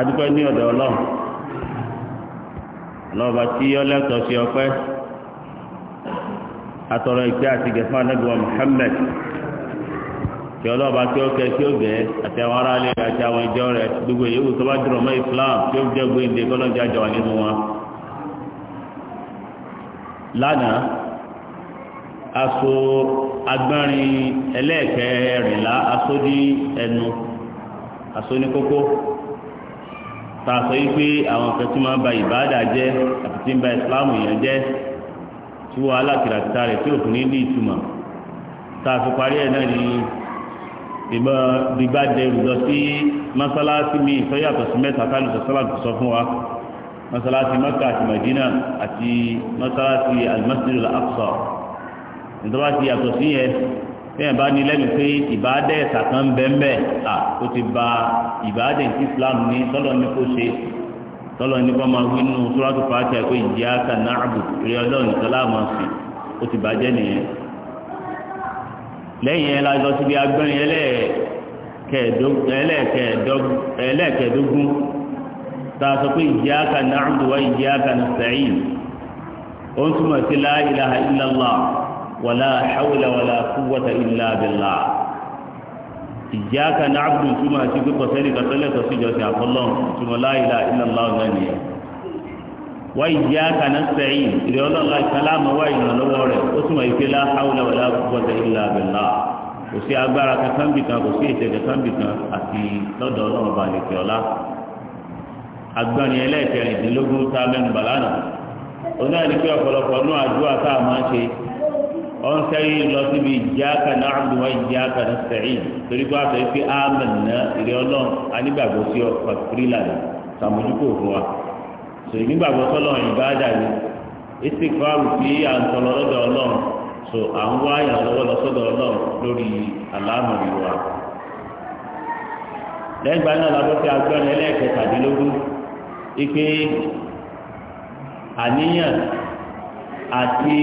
adúpẹ́ ní ọ̀dọ̀ ọlọ́run lọ́ba tí ọlẹ́tọ̀ ṣe ọpẹ́ atọ̀rọ̀ ìpè àti gẹ̀fà nẹ́gbọ̀ Muhammad kí ọlọ́ba tí ó kẹ kí ó gẹ̀ àti àwọn ará àti àwọn ìjọ rẹ̀ gbogbo ìyẹ́wò tó bá dúró mọ́ Islam tí ó jẹ́ gbéǹde kọ́lọ́jà jọ wà nínú wọn. lánàá aṣọ agbárin ẹlẹ́ẹ̀kẹrìnlá aṣọ ní ẹnu aṣọ ní kókó tààsọ yìí pé àwọn kan tí máa ń ba ìbáàdà jẹ àti tí ń ba ìsìláàmù yẹn jẹ tí wọn alákìlàkìta rẹ tí òfin ní ìtumọ̀ tààsọ parí ẹ náà ní ìbọn gbígbá dẹrù lọ sí mọ́sálásí mi ìfẹ́yàtọ̀ sí mẹ́ta kálù sọ́sọ́lá sọ fún wa mọ́sálásí Mẹ́kà àti Madina àti mọ́sálásí al-Masjid al-Aqsa sí yẹn téèyàn bá ní lẹ́nu pé ìbádẹ́ ẹ̀sà kan à ó ti ba ìbádẹ́ ní Islam ní tọ́lọ́ ní kó ṣe tọ́lọ́ ní kó máa wí nù sọ́rọ́tù fàáṣà pé ìjìyà kan àbù eré ọlọ́run nìkan sí ó ti bàjẹ́ nìyẹn. lẹ́yìn ẹ̀ síbi agbẹ́rin tá a ولا حول ولا قوة إلا بالله إياك نعبد ثم أتيك قصيري قتلة سجرة عبد الله ثم لا إله إلا الله غني وإياك نستعين إذا الله كلام وإن الله ثم لا حول ولا قوة إلا بالله kò sí agbára kankan bì kan kò sí ètè kankan bì kan àti lọ́dọ̀ ọlọ́run bá lè fi ọlá agbọ́nni ẹlẹ́ẹ̀kẹrìndínlógún tá mẹ́nu bàlánà onáà ní pé ọ̀pọ̀lọpọ̀ náà àdúrà tá a máa ń ṣe ọ̀n sẹ́yìn lọ síbi iyyaka na'budu wa iyyaka nasta'in torí pé àtọ̀ yìí pé amanna ìrẹ́ ọlọ́run anígbàgbọ́ sí ọ rẹ̀ sàmójúkò fún wa ni istikfaru fi à ń lọ́dọ̀ ọlọ́run so à ń wá ìrànlọ́wọ́ lọ sọ́dọ̀ ọlọ́run lórí àlámù ìwà àti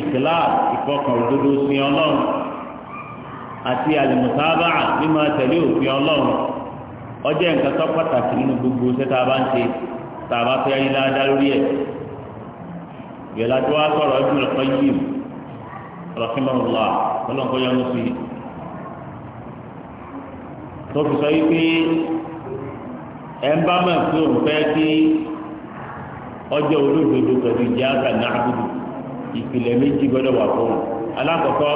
ìkìlá ìfọkàn òdodo sí ọlọ́run àti àlùmọ̀sábà mímọ tẹ̀lé òfin ọlọ́run ọjọ́ nǹkan tó pàtàkì nínú gbogbo iṣẹ́ tá a bá ń ṣe tá a bá fẹ́ rí ládá lórí ẹ̀ ìyẹ̀lá tó wá sọ̀rọ̀ ẹ̀dùn ẹ̀kọ́ yìí rọ̀kìmọ̀lá ọlọ́nkọ́ yẹn ló fi tó fi sọ wípé ẹ̀ ń bá mọ̀ pé òun fẹ́ kí ọjọ́ olódodo pẹ̀lú ìjà àgbà náà àbúrò ìpìlẹ̀ méjì gbọ́dọ̀ wà fún un alákọ̀ọ́kọ́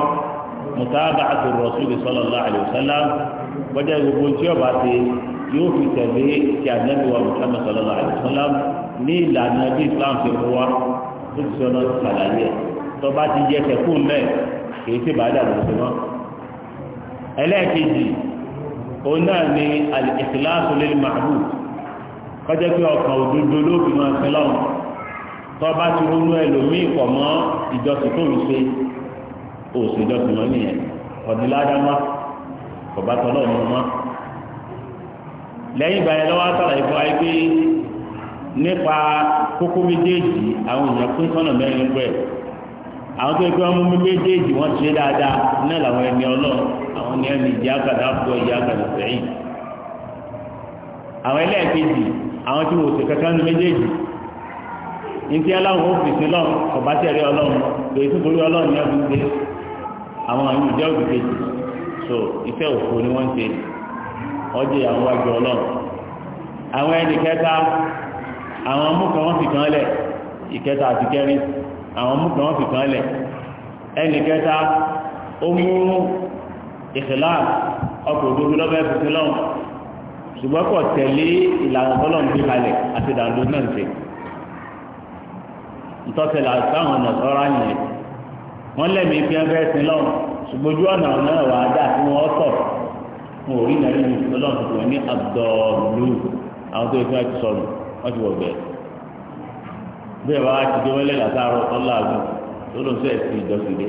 mùtáàbà àti rọ̀ṣúlì sallallahu alaihi wasallam gbọ́dọ̀ gbogbo tí ọba ti yóò fi tẹ̀lé ti ànábì wa Muhammad sallallahu alaihi wasallam ní ìlànà bí Islam ti mú wa tó ti sọnà sàlàyé tọba ti jẹ kẹkùn mẹ kì í sì bá dà lóṣù mọ. ẹlẹ́ẹ̀kejì òun náà ni al-ikhlasu lil ma'bud kọjá pé ọkàn òdodo ló fi máa fi lọ́wọ́ tọ́ba ti ronú ẹlòmíì pọ̀ mọ́ ìjọsìn tó ń ṣe òsè ìjọsìn mọ́ nìyẹn ọ̀dínládámá ọ̀bá tọ́lọ́ ọ̀nà mọ́ lẹ́yìn ìgbà yẹn lọ́wọ́ sàlàyé fún wa pé nípa kókó méjèèjì àwọn èèyàn pín sọ́nà mẹ́rin pẹ̀ àwọn tó ń pẹ́ ọmú méjèèjì wọ́n ti ṣe dáadáa náà làwọn ẹni ọlọ́run àwọn ni ẹni ìjà àgàdà fọ ìjà àgàdà sẹ́yìn àwọn ẹlẹ́ẹ̀kejì àwọn tí wọ́n ò ìdí aláwọ̀ òfìsì lọ́wọ́ ọ̀bá tẹ̀lé ọlọ́run lórí tó borí ọlọ́run ní ọdún gbé àwọn àwọn ìjọ òbí kejì so iṣẹ́ òfò ni wọ́n ń ṣe ọjọ́ àwọn wájú ọlọ́run àwọn ẹni kẹta àwọn amúkan wọn fi kan lẹ̀ ìkẹta àti kẹrin àwọn amúkan wọn fi kan lẹ̀ ẹni kẹta ó mú ìṣẹ̀lá ọkọ̀ òdodo lọ́bẹ̀ ẹ̀fọ́ sí lọ́wọ́ ṣùgbọ́n kò tẹ̀lé ìlànà tọ́lọ́run gbé kalẹ̀ àti ìdàgbò náà ṣe ntọ́sẹ̀lá sáwọn ọ̀nà sọ́ra yẹn wọ́n lẹ́mí fi ẹgbẹ́ sí lọ́wọ́ ṣùgbọ́n ojú ọ̀nà ọ̀nà ẹ̀wà dà tí wọ́n sọ̀ wọn ò rí nàrí ní ọlọ́run tó wọ́n ní abdọ́ọ̀lù àwọn tó yẹ fún ẹtù sọ̀rọ̀ wọ́n ti wọ̀ bẹ́ẹ̀ bí ẹ̀wà ti dé wọlé làtàrọ̀ ọ̀làgùn tó lóun sọ ẹ̀sìn ìjọsìn lé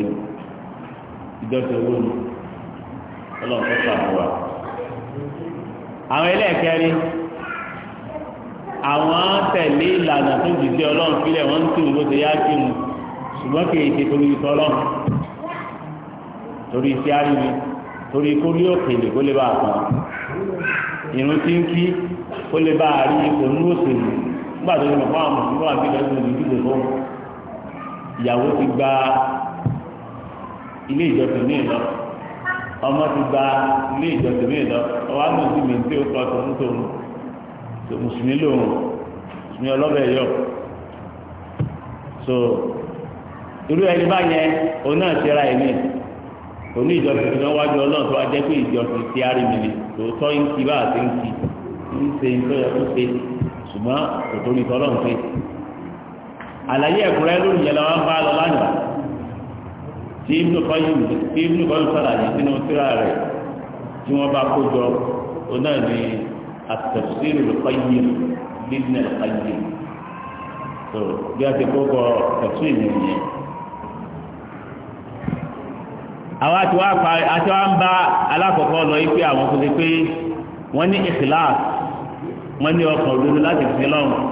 ìjọsìn owó ni ọlọ́run tó sàmúwà àwọn ẹlẹ́ẹ̀kẹ́rin àwọn tẹ̀lé ìlànà tó jìjẹ́ ọlọ́run fílẹ̀ wọ́n ń tún bó ṣe yá kí mu ṣùgbọ́n kì í ṣe torí ìtọ́ ọlọ́run torí iṣẹ́ àríwí torí kó rí òkèlè kó lè bá a kàn irun tí ń kí kó lè bá a rí ipò nínú òṣèlú nígbà tó lè mọ̀ fún àwọn mùsùlùmí wà nígbà tó lè dìbò fún ìyàwó ti gba ilé ìjọsìn ní ìlọ ọmọ ti gba ilé ìjọsìn ní ìlọ ọwọ́ àmì òsì mi ń tẹ́ ó kọ́ ọ̀tọ̀ mùsùlùmí lòun mùsùlùmí ọlọ́bẹ̀ yọ so irú ẹni bá yẹn òun náà ti ra ẹ̀mí òní ìjọsìn tí wọ́n wájú ọlọ́run tó wá jẹ́ pé ìjọsìn ti arìnrìn ni tòótọ́ ń kí bá àti ń kí ń ṣe ń tó yẹ kó ṣe ṣùgbọ́n òtò ní tọ́lọ́run ṣe àlàyé ẹ̀kúnrẹ́ lórí yẹn làwọn bá lọ lánàá tí ibùdó kọ́ yìí tí ibùdó kọ́ yìí sọ̀rọ̀ àyè sínú tíra rẹ̀ tí wọ́n bá kó jọ òun náà ní التفسير القيم لابن القيم جاتي فوق تفسير من àwọn àtiwá pa àtiwá ń bá alákọ̀ọ́kọ́ lọ yí pé àwọn kò sí pé wọ́n ní ìkìláàs wọ́n ní ọkàn òdodo láti fi lọ́rùn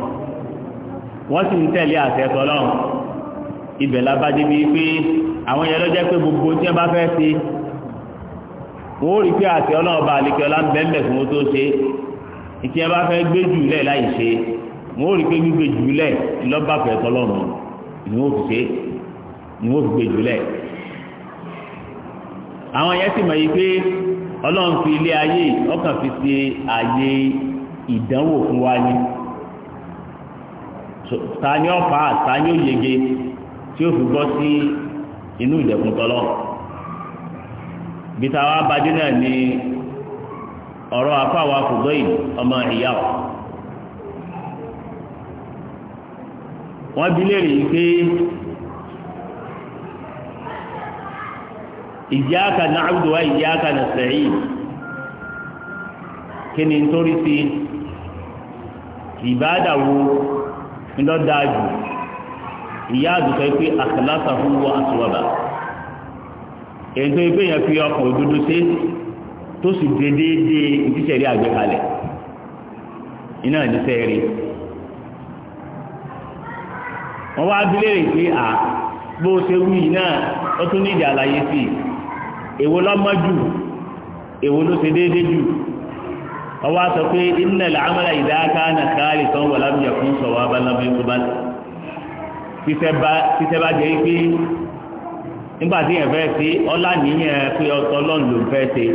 wọ́n sì ń tẹ̀lé àṣẹ tọ́lọ́run ibẹ̀ labájẹ́ bíi pé àwọn yẹn ló pé gbogbo tí wọ́n bá fẹ́ ṣe wọ́n ó rí pé àṣẹ ọlọ́run àlekẹ́ ọlá ń bẹ́ẹ̀ mẹ́ fún tó ṣe ìtì ẹ bá fẹ́ gbé jù lẹ̀ láì ṣe wọn ò rí pé gbígbé jù lẹ̀ lọ́bàfẹ́ tọ́lọ́run ni wọ́n fi ṣe ni wọ́n fi gbé jù lẹ̀ àwọn yẹn sì mọ̀ yìí pé ọlọ́run fi ilé ayé ọkàn fi ṣe ààyè ìdánwò fún wa ni ta ni ọ̀pá ta ni ó tí ó fi bọ́ sí inú ìdẹ̀kùn tọ́lọ́ bí táwa bá dé náà ni ọ̀rọ̀ afáwa Fudayl ọmọ ìyá ọ̀ wọ́n bi léèrè pé iyyaka na'budu wa iyyaka nasta'in kí ni nítorí sí ìbáàdà wo ńlọ dáa jù ìyá àdùsọ pé akhlasahu wa aswaba èyí tó yẹ pé yẹn fi ọkọ̀ òdodo ṣe tó sì dé déédéé ìtísẹ̀rí àgbékalẹ̀ iná ìdísẹ́ rí wọ́n wá bí léèrè pé à bó ṣe náà ó tún ní ìdí àlàyé sí èwo lọ́mọ jù èwo ló ṣe jù wọ́n wá sọ pé iná làámọ́lá ìdáká náà káàlì tán wà lábìyà fún sọ̀wọ́ tó bá títẹ́ bá jẹ́ pé nígbà tí yẹn fẹ́ ṣe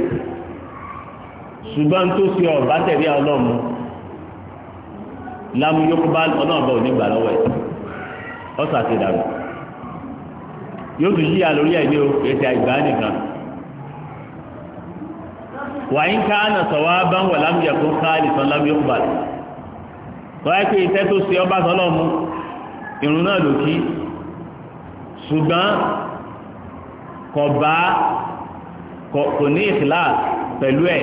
ṣùgbọ́n tó si ọ̀bá tẹ̀lé ọlọ́mu lámúyókùbá ọlọ́ọ̀bá ò ní gbà lọ́wọ́ ẹ̀ ọ̀sà ti dànù yóò tún yíya lórí ẹ̀ ní ètò àgbà nìkan wàyín ká ànà sọ̀wọ́ bá ń wọ̀ lámúyẹ̀kún káàlì sàn lámúyókùbá tọ́wọ́ pé iṣẹ́ tó ṣe ọba sọlọ́mu irun náà ló kí ṣùgbọ́n kọ̀ bá kò ní ìkìláàsì pẹ̀lú ẹ̀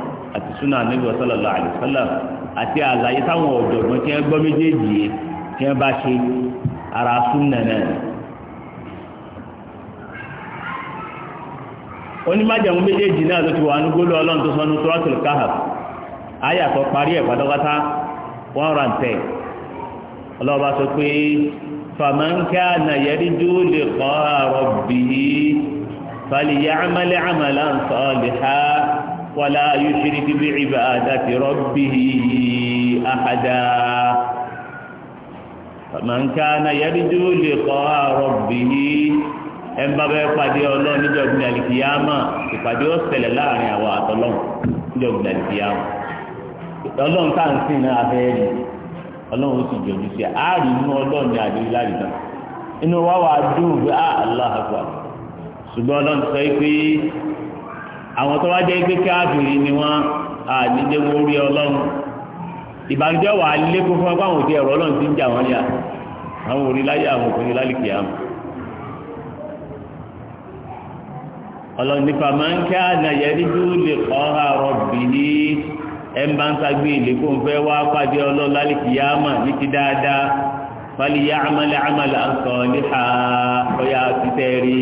àti súnà níbi sallallahu alaihi wasallam àti àlàyé táwọn ọ̀jọ̀gbọ́n tí wọ́n gbọ́ méjèèjì yẹn tí wọ́n bá ṣe ara súnà náà. onímájàmú méjèèjì náà ló ti wà nígbóló ọlọ́run tó sọnù Suratul Kahf ayàtọ̀ parí ẹ̀ pátápátá one round ten ọlọ́ba sọ pé fàmáńkà nàyẹ́rìndó lè kọ́ àrọ̀bì fàlìyàmálẹ̀ àmàlà ń sọ̀ọ́ lè ha wàlá yushriku bi ibadati rabbihi ahada man kana yarju liqa'a rabbihi ẹ̀ ń bá bẹ́ẹ̀ pàdé ọlọ́run níjọ́ gbìn àlìkìyàmà ìpàdé ó ṣẹlẹ̀ láàrin àwọn àtọ́lọ́run níjọ́ gbìn àlìkìyàmà ọlọ́run tá à ń sìn náà abẹ́ẹ́lì ọlọ́run ó sì jọjú sí àárín inú ọlọ́run ní àdéhùn láàrin náà inú wa wà á dùn bí àlọ́ àgbà ṣùgbọ́n ọlọ́run sọ pé àwọn tó wá jẹ́ pé káàkiri ni wọ́n àdídé wórí ọlọ́run ìbànújẹ́ wà á lékún fún ẹgbẹ́ àwọn òde ẹ̀rọ ọlọ́run ti ń jà wọ́n ní à àwọn òrí láyé àwọn òkùnrin lálìkì àmọ́ ọlọ́run nípa máa ń ká nàyẹ̀ dídú lè kọ́ àrọ̀ bìí ẹ̀ ń bá ń sagbé ilé kó ń fẹ́ wá pàdé ọlọ́run lálìkì àmọ́ ní ti dáadáa fàlìyà àmàlẹ̀ àmàlẹ̀ àǹkọ̀ níhà ọ̀yà àti tẹ́rí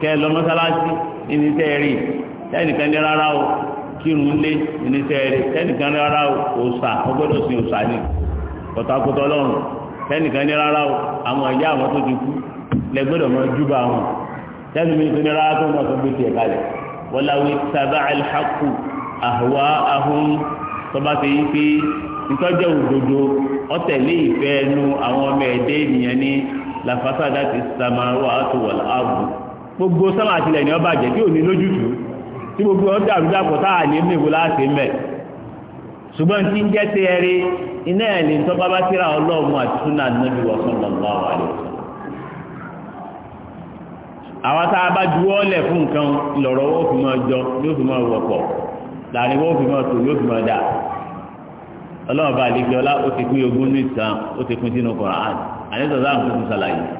kẹ lọ mọ́sálásí nínú iṣẹ́ rí tẹ́nìkan ní rárá o kírun lé nínú iṣẹ́ rí tẹ́nìkan ní rárá o òòṣà ó gbọ́dọ̀ sin òòṣà ní kọ̀tàkùtọ̀ lọ́rùn tẹ́nìkan ní rárá o àwọn ẹ̀yà àwọn tó ti kú lẹ́gbọ́dọ̀ mọ́ júbà wọn tẹ́nìkan ní rárá tó mọ̀ tó gbé tiẹ̀ kalẹ̀ wọláwí sábà alḥakù àhùwá ahùn tọ́ba ti yí pé ntọ́jọ́ òdodo ọ̀tẹ̀lé ìfẹ́ ẹnu àwọn ọmọ ẹ̀dẹ́ ènìyàn ní làfàṣà dá ti sàmáwá àtúwọ̀lá ààbò gbogbo sọ́mà àtìlẹ̀ ní ọba jẹ́ tí ò ní lójútùú tí gbogbo ọjà àrùdàpọ̀ táà ní mèwò láti mẹ́ ṣùgbọ́n tí ń jẹ́ ti ẹrí iná ẹ̀ lè tọ́ bábá síra ọlọ́run àti súnà nàbí wọ́sán lọ́wọ́ àlẹ́ àwọn tá a bá juwọ́ lẹ̀ fún nǹkan lọ̀rọ̀ wọ́n fi máa jọ yóò fi máa wọ̀pọ̀ láàrin wọ́n fi máa tò yóò fi máa dà ọlọ́run bá ọlá ó ti pín ogún ní ìtàn ó ti pín sínú Kùránì àní sọ̀rọ̀ àwọn tó ń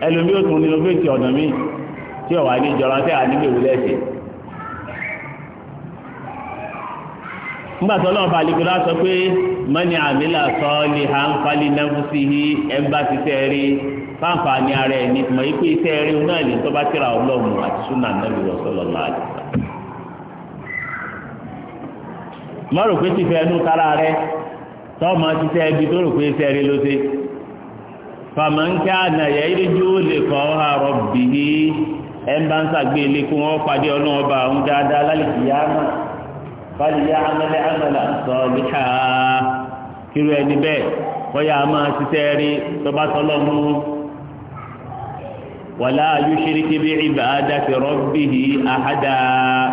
ẹlòmí ò tún o bẹ́ẹ̀ tí ọ̀nà mi tí ọ̀wà ní ìjọra tẹ́ à ìwúlẹ̀ ṣe. sọ pé mọ́ni àmìlà sọ ni à ń falí nẹ́fúsí ẹgbà ti tẹ́ rí ní ara ẹ̀ ní tùmọ̀ rí náà ní kíra àti súnà mọ́rò pé ti fẹ́ ẹnu kára rẹ tọ́ ọmọ ti tẹ́ fàmọ́nkẹ́ ànàyà ìrìjú lè kọ́ àrọ̀ bì í ẹ̀ńbà ń sàgbé ilé kó wọ́n pàdé ọlọ́run ọba àwọn dáadáa lálẹ́kì yá mà fàlì yá amẹ́lẹ́ amẹ́lẹ́ sọ níta kírú ẹni bẹ́ẹ̀ bóyá a máa ṣiṣẹ́ rí tọ́ba tọ́lọ́mú wàlá yushriki bí ibadati rabbihi ahada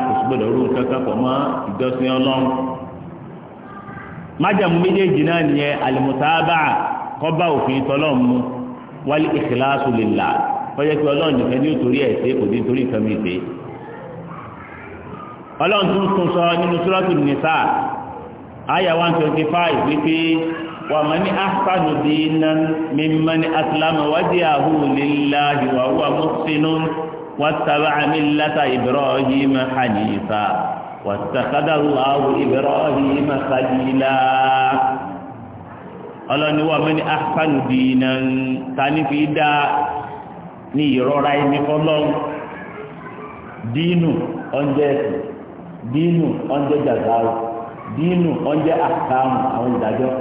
òṣùgbọ́dọ̀ rú kankan pọ̀ mọ́ ìjọsìn májàmú méjèèjì náà nìyẹn alimusaba kọ́ba òfin tọ́lọ́run mu wálé ìkìláàsù lè là kọjá pé ọlọ́run nìkan ní òtòrí ẹ̀ ṣe kò ní torí nǹkan mi ṣe. ọlọ́run tún tún sọ nínú súrọ́tù nìsà àyà one twenty five wípé wà má ní ahsanu dinan mimman aslama wajhahu lillahi wa huwa muhsinun wattaba'a millata ibrahima hanifa wattakhadha Allahu ibrahima khalila ọlọ́ni wà mẹ́ni ahsanu dinan tani fi dá ní ìrọ́ra ẹni fọlọ́n dínú ọ̀njẹ́ ẹ̀sìn dínú ọ̀njẹ́ jàdáwò dínú ọ̀njẹ́ àkàmù àwọn ìdájọ́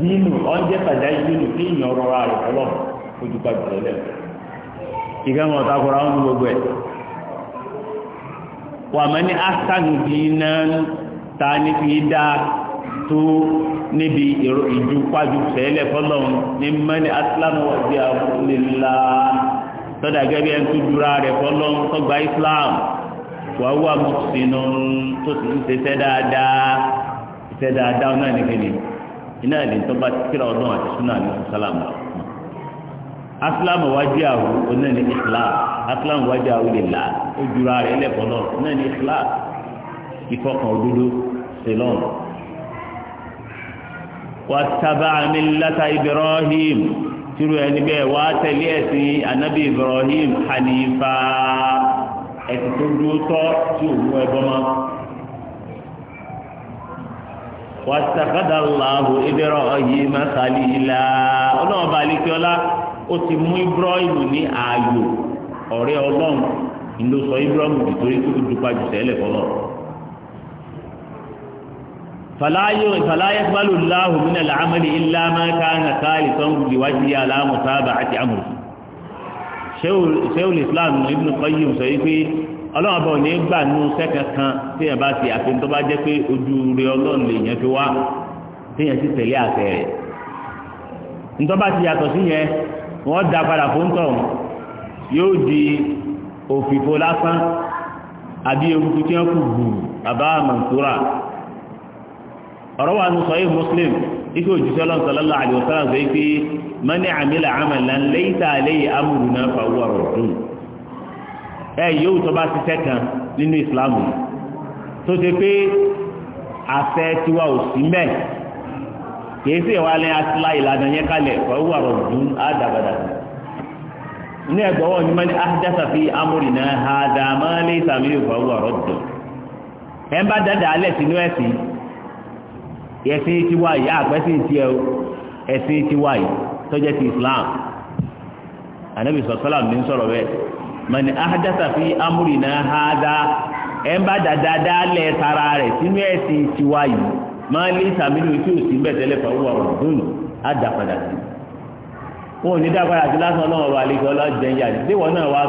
dínú ọ̀njẹ́ pàjáyé dínú kí ìyàn rọra rẹ̀ fọlọ́n ojúkọ ìbẹ̀rẹ̀ lẹ̀ ìgbẹ́mọ̀ takura ń gbogbo ẹ̀ wà mẹ́ni ahsanu dinan tani fi dá tó níbi ìjùpájú tẹ́lẹ̀ fọ́lọ́run ní mẹ́lẹ̀ asilamu tọ́dà gẹ́gẹ́ tó dúra rẹ̀ fọ́lọ́run tọ́gbà islam wà wà tó sì ń ṣiṣẹ́ dáadáa ṣiṣẹ́ dáadáa náà ní iná tó bá ọdún àti súnà ní sàlámù asilamu wàdí àbú onáà ní islam asilamu ó dúra واتبع ملة إبراهيم ترو يعني بيه واتلي أسي النبي إبراهيم حنيفا أتتجوتو تيوه بما واتخذ الله إبراهيم خليلا الله بالك يلا ó ti mú Ibrahim ní ààyò ọ̀rẹ́ Ọlọ́run ìlú sọ Ibrahim nítorí tó dupá fàláyé pálù láhùn nínú àmàlì ilá máa ká na káàlì tán gùn ìwájú yà láàmù sábà àti àmùrù ṣéhùn islam ibn qayyim sọ wípé ọlọ́run bọ̀ ní gbà nú sẹ́kẹ̀ kan tí yẹn bá ti àfi tó bá jẹ́ pé ojú rẹ ọlọ́run lè yẹn fi wá tí yẹn sì tẹ̀lé àṣẹ rẹ̀ ntọ́ba ti yàtọ̀ sí yẹn wọ́n da padà fún tọ̀ yóò di òfìfo lásán àbí ewu tuntun kù gbù àbá mọ̀tòrà ọ̀rọ̀ wà ní sọ́yìn muslim ikú òjíṣẹ́ ọlọ́run sallallahu alaihi wasallam sọ pé mani amila amalan laysa alayhi amruna fa huwa raddun ẹ yóò tó bá ṣiṣẹ́ kan nínú ìsìláàmù tó ṣe pé àṣẹ tiwa ò sí mẹ́ kìí sì wá lẹ́yìn asílá ìlànà yẹn kalẹ̀ fa huwa raddun àdàbàdà ní ẹgbọ́wọ́ ni mani ahdatha fi amrina hadha ma laysa minhu fa huwa raddun ẹ ẹ̀sìn tiwa yìí àpẹ́sìn tiẹ̀ o ẹ̀sìn yìí Islam anabi sọ̀tọ́là ní sọ̀rọ̀ bẹ́ẹ̀ mani ahadasa fi hada ẹ̀ ń bá dada lẹ̀ tara rẹ̀ sínú ẹ̀sìn tiwa yìí máa lé sàmínú tí ò sí ń bẹ̀tẹ̀lẹ̀ fàwọ́ ọ̀rọ̀ dùn á padà sí wọn ò ní lásán wà lọ́jẹ́ náà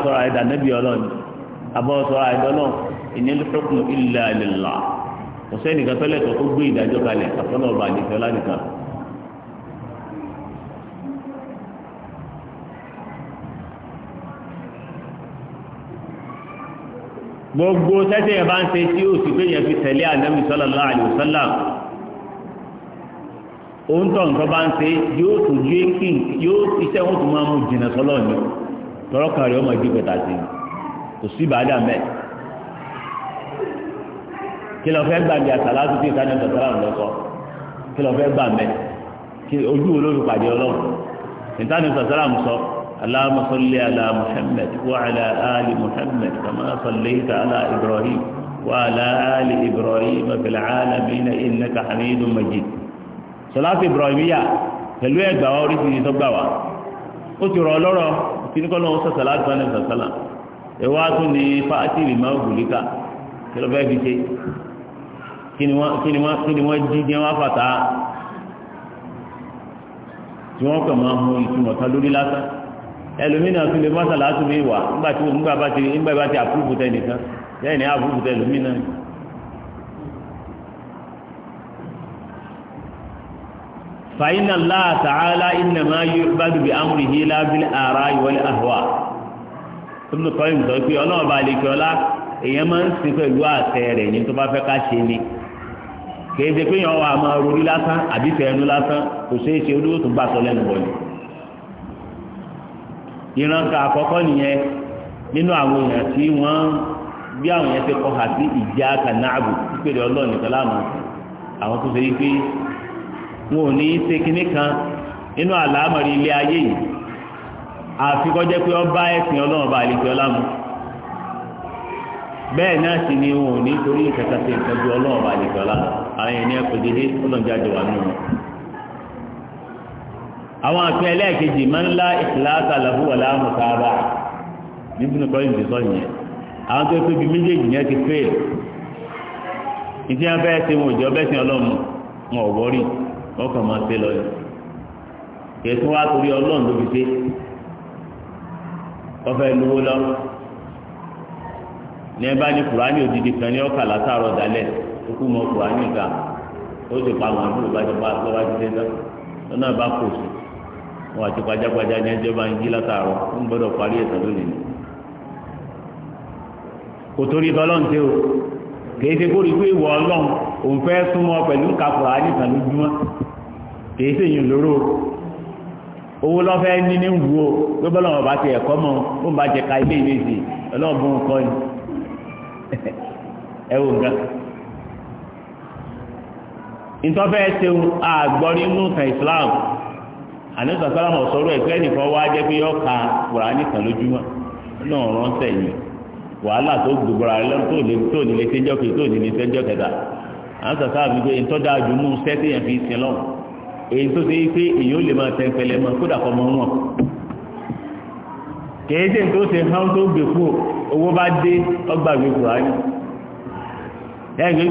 sọ̀rọ̀ kò sẹ́nìkan tó lẹ́tọ̀ọ́ tó gbé ìdájọ́ kalẹ̀ àtọ́nà ọba àdìsẹ́ lánìkan. gbogbo tẹ́tẹ́ yẹn bá ń ṣe tí ó sì pé yẹn fi tẹ̀lé ànábì sallallahu alaihi wasallam òun tọ̀ nǹkan bá ń ṣe yóò tún yé kí yóò iṣẹ́ wọn tún máa mú jìnnà sọ́lọ́ọ̀ni tọ́rọ́kàrí ọmọ ìdí pẹ̀tà sí kò sí bàádà mẹ́ẹ̀ kí lọ fẹ́ gbà mí àtàlásù tí ìtàn ẹ̀sọ̀ sọ́lá lọ́kọ́ kí lọ fẹ́ gbà mẹ́ kí ojú wo lórí pàdé ọlọ́run ìtàn ẹ̀sọ̀ sọ́lá sọ Allahumma salli ala Muhammad wa ala ali Muhammad kama sallaita ala Ibrahim wa ala ali Ibrahim fil alamin innaka hamidun majid sọláàtì Ibrahimiyya pẹ̀lú ẹgbà wa oríṣiríṣi tó gbà wá ó ti rọ ọlọ́rọ̀ kí ní kọ́ lọ́wọ́ sọ̀tà láti bá ní sọ̀tà tún ní fáátì rìmọ́ ògùlíkà kí ni wọ́n kí ni wọ́n kí ni wọ́n jí jẹ́ wọ́n fàtà tí wọ́n kàn máa hun ìtumọ̀ tán lórí lásán ẹlòmínà tún lè mọ́sàlá tún lè wà nígbà tí nígbà bá bá ti àpúrúfù nìkan bẹ́ẹ̀ ni àpúrúfù lòmínà. fàyínà láàtà àlá iná máa yọ gbàdúgbì amúrì yìí lábílẹ̀ ara ìwọlé àhùwà tóbi kọ́ ìmùtọ́ pé ọlọ́run lè kí ọlá èèyàn máa ń sin pẹ̀lú àtẹ rẹ̀ ní tó bá fẹ́ ká ṣe ni. kìí ṣe pé yàn wà máa rori lásán àbí fẹ̀ẹ́nu lásán kò ṣeé ṣe olówó tó bá sọ lẹ́nu bọ̀lì ìrànkà àkọ́kọ́ nìyẹn nínú àwọn èèyàn tí wọ́n bí àwọn èèyàn ṣe kọ́ ha sí ìjà kanáàbù ọlọ́ọ̀nì kaláàmù àwọn tó ṣe kan nínú àlámọ̀rí ilé ayé yìí pé bá ẹ̀sìn bẹ́ẹ̀ náà sì ni wọn ò ní torí ṣe ọlọ́run àwọn èèyàn ní ẹ̀kọ́ dédé ọlọ́njẹ́ àjọ wà nínú wọn. àwọn àpẹ ẹlẹ́ẹ̀kejì máa ń lá ìkìláàsà làbú wà láàmú sáábà níbùnú sọ yẹn àwọn tó tóbi méjèèjì yẹn ti fẹ́ ìdí wọn ọbẹ̀ wọn ò wọ́rì wọn kàn máa lọ yẹn kẹsí wa torí ọlọ́run ló fi ṣe ọfẹ́ lówó lọ ní ẹ bá ní kùránì ikú mọ kó àní ìka ó sì pa àwọn àbúrò bá ti pa àgbà bá ti dé tán lọ́nà bá kò sí wọn àti pajápajá ní ẹjọ́ bá ń jí látàárọ̀ ń gbọ́dọ̀ parí ẹ̀sán lónìí kò torí tọ́lọ́n tẹ́ o kìí ṣe kó rí pé ìwọ ọlọ́run òun fẹ́ súnmọ́ pẹ̀lú kàkùrà nìkan lójúmọ́ kìí ṣe yìn lóró owó lọ́fẹ́ ní ní wù ó pé bọ́lá bá ti ẹ̀kọ́ mọ́ ó bá jẹ ka ilé ìwé sí ọlọ́ọ̀bùn kọ́ ni ẹ wò gan ntọ́fẹ́ ṣeun àgbọ́rí inú ìtàn Islam àníṣà sálàmù ọ̀sọ́rọ̀ ẹ̀fẹ́ nìkan wá jẹ́ pé yọ ka Kùránì kan lójúmọ́ náà yìí wàhálà tó gbogbo ara tó nílé sẹ́jọ́ kejì tó nílé sẹ́jọ́ kẹta àníṣà sálàmù ju mú sẹ́tì yẹn fi sin lọ́wọ́ èyí tó ṣe pé èyí ó lè máa tẹ́ pẹlẹ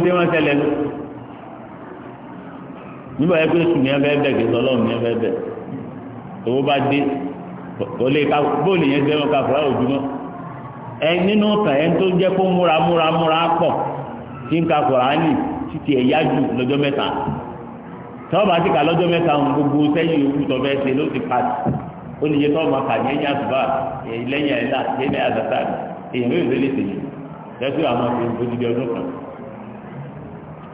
kódà nígbà yẹn pé sùn ní ẹfẹ bẹ kí sọlọ́ọ̀ ní ẹfẹ bẹ owó bá dé kò lè ka bóòlù yẹn gbẹ wọn ká fúra òjúmọ́ ẹ nínú tàn ẹ tó jẹ́ kó múra múra múra pọ̀ tí ń ka Kùránì títí ẹ̀ yájú lọ́jọ́ mẹ́ta tọ́ọ̀bù àti kà lọ́jọ́ mẹ́ta ń gbogbo sẹ́yìn owó tó fẹ́ ṣe ló ti pàtì ó lè yẹ tọ́ọ̀bù àkà ní ẹ̀yìn àtúbà lẹ́yìn ẹ̀yìn àtàtà èèyàn yóò lè lè tèyí lẹ́sùn àwọn ọmọ ìbòjì ọdún kan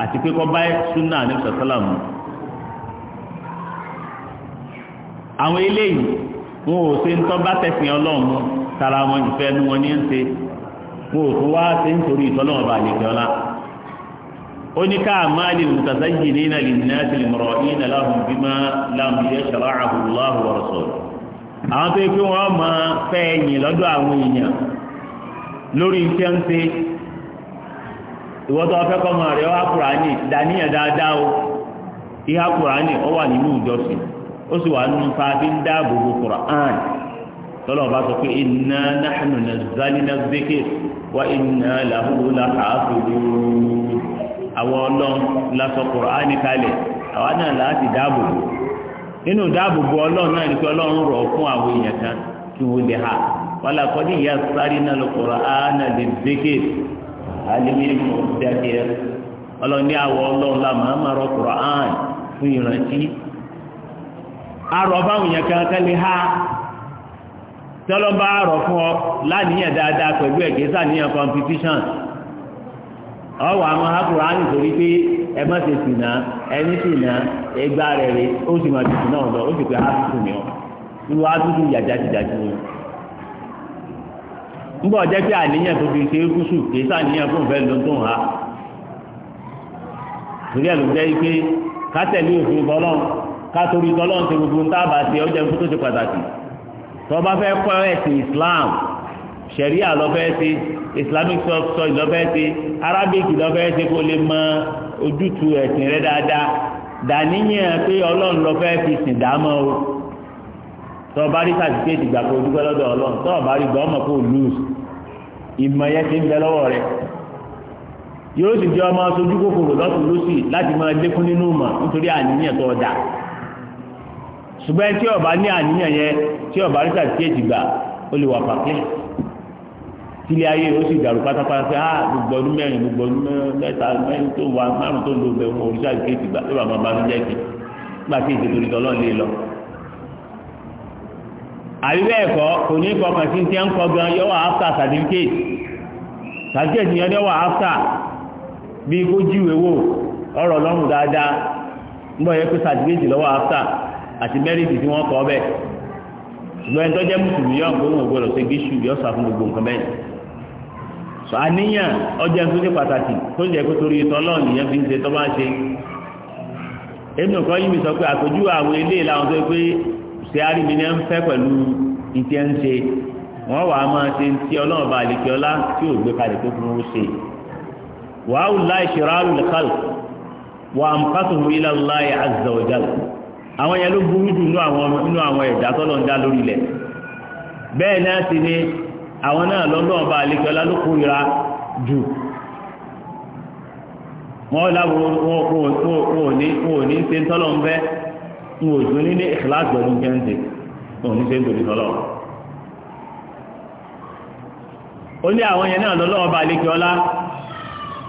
àti pé kọ́ báyìí súnà ní sàtọ́làmù àwọn eléyìí wọn ò ṣe ń tọ́ bá tẹ̀sìn ọlọ́run tara wọn ìfẹ́ wọn ní ń ṣe wọn ò tún wá ṣe ń torí ìtọ́lọ́run bá lè ó ní ká máa lè mùtàtà yìí ní iná lè nà ti lè mọ̀rọ̀ yìí láhùn bí má láhùn yẹ ṣàrá àwọn tó yẹ kí ìwọ́tọ̀ ọ̀fẹ́ kọmọ rẹ̀ wá kùránì dàníyàn dáadáa o ìhà kùránì ó wà nínú ìjọsìn ó sì wà nínú fàáfi ń dáàbò bo kùránì tọ́lọ̀ bá sọ pé inna nahnu nazzalna dhikr wa inna lahu lahafidun àwọn ọlọ́run lásọ kùránì kalẹ̀ àwa náà láti dáàbò bo nínú dáàbò bo ọlọ́run náà ni pé ọlọ́run rọ̀ alimi mọ̀tẹ́kẹ́ ọlọ́ni àwọ̀ ọlọ́run máa ma fún ìrántí kankan lè ha tọ́lọ́ba arọ fún ọ láníyàn dáadáa pẹ̀lú ẹ̀gẹ́sà níyàn competition ọwọ́ àmọ́ Qur'an nítorí pé ẹ má sìnà ẹni sìnà ẹgbà rẹ̀ rẹ̀ ó sì máa tètè náà lọ ó sì pé ọ nígbà ọjẹ́ pé àníyàn tó fi ṣe é kúṣù kìí sàníyàn fún ìfẹ́ ló tó ń ha torí ẹ̀ ló jẹ́ pé ká tẹ̀lé òfin bọ́lọ́n ká torí tọ́lọ́n ṣe gbogbo tá a bá ṣe ọjọ́ ìfún tó ṣe pàtàkì tó bá fẹ́ kọ́ ẹ̀sìn Islam ṣẹ̀ríà lọ́fẹ́ ṣe Islamic studies lọ́fẹ́ ṣe Arabic lọ́fẹ́ ṣe kó lè mọ ojútùú ẹ̀sìn rẹ dáadáa dàníyàn pé Ọlọ́run lọ́fẹ́ fi sìn dámọ́ o tọ́ bá rí sàtìkéètì gbàgbọ́ ojúgbẹ́ lọ́dọ̀ Ọlọ́run tọ́ bá rí gbọ́ ọmọ kó lùsù ìmọ̀ yẹn ti ń bẹ lọ́wọ́ rẹ̀ yóò sì jẹ́ ọmọ aṣojú kòkòrò lọ́tún lọ́sì láti máa lékún nínú mọ̀ nítorí àníyàn tó ọjà ṣùgbọ́n tí ọba ní àníyàn yẹn tí ọba rí sàtíyèjì gbà ó lè wà pàkẹ́ tílé ayé ó sì dàrú pátápátá pé ah gbogbo ọdún mẹ́rin gbogbo ọdún mẹ́ta mẹ́rin tó wà márùn tó ń lo ọbẹ̀ òun òrìṣà ìkéjì gbà tó bàbá bá ń jẹ́ kí nígbà tí ìdètò ìtọ́lọ́ àbí bẹ́ẹ̀ onye kò ní fọkàn sí ti ń kọ́ gan yọ wà áfà certificate certificate yọ wà áfà bí kó jíwèé lọ́rùn dáadáa nígbà yẹ lọ́wọ́ áfà àti mẹ́rìtì tí wọ́n kọ́ bẹ́ẹ̀ ṣùgbọ́n ẹni tó jẹ́ mùsùlùmí gíṣù yọ fún gbogbo nǹkan bẹ́ẹ̀ sọ àníyàn ọjà tó ṣe pàtàkì tó torí ìtọ́ fi ń tí a mi ní ń fẹ́ pẹ̀lú ìtí ń ṣe wọ́n wàá máa ṣe ń tí ọlọ́run bá ọlá tí ò gbé kalẹ̀ tó fún wọn ṣe. wàá wù láì wà á mùkátù wù ilá láì azza wa jalla àwọn yẹn ló burú jù nínú àwọn nínú àwọn ẹ̀dá tọ́lọ̀ ń wò tún ní ní ìkìláàsì ọdún kẹ́ńtì wọn ò ní ṣe ń tòbí sọlọ. ó ní àwọn yẹn náà lọ́lọ́wọ́ bá àlekè ọlá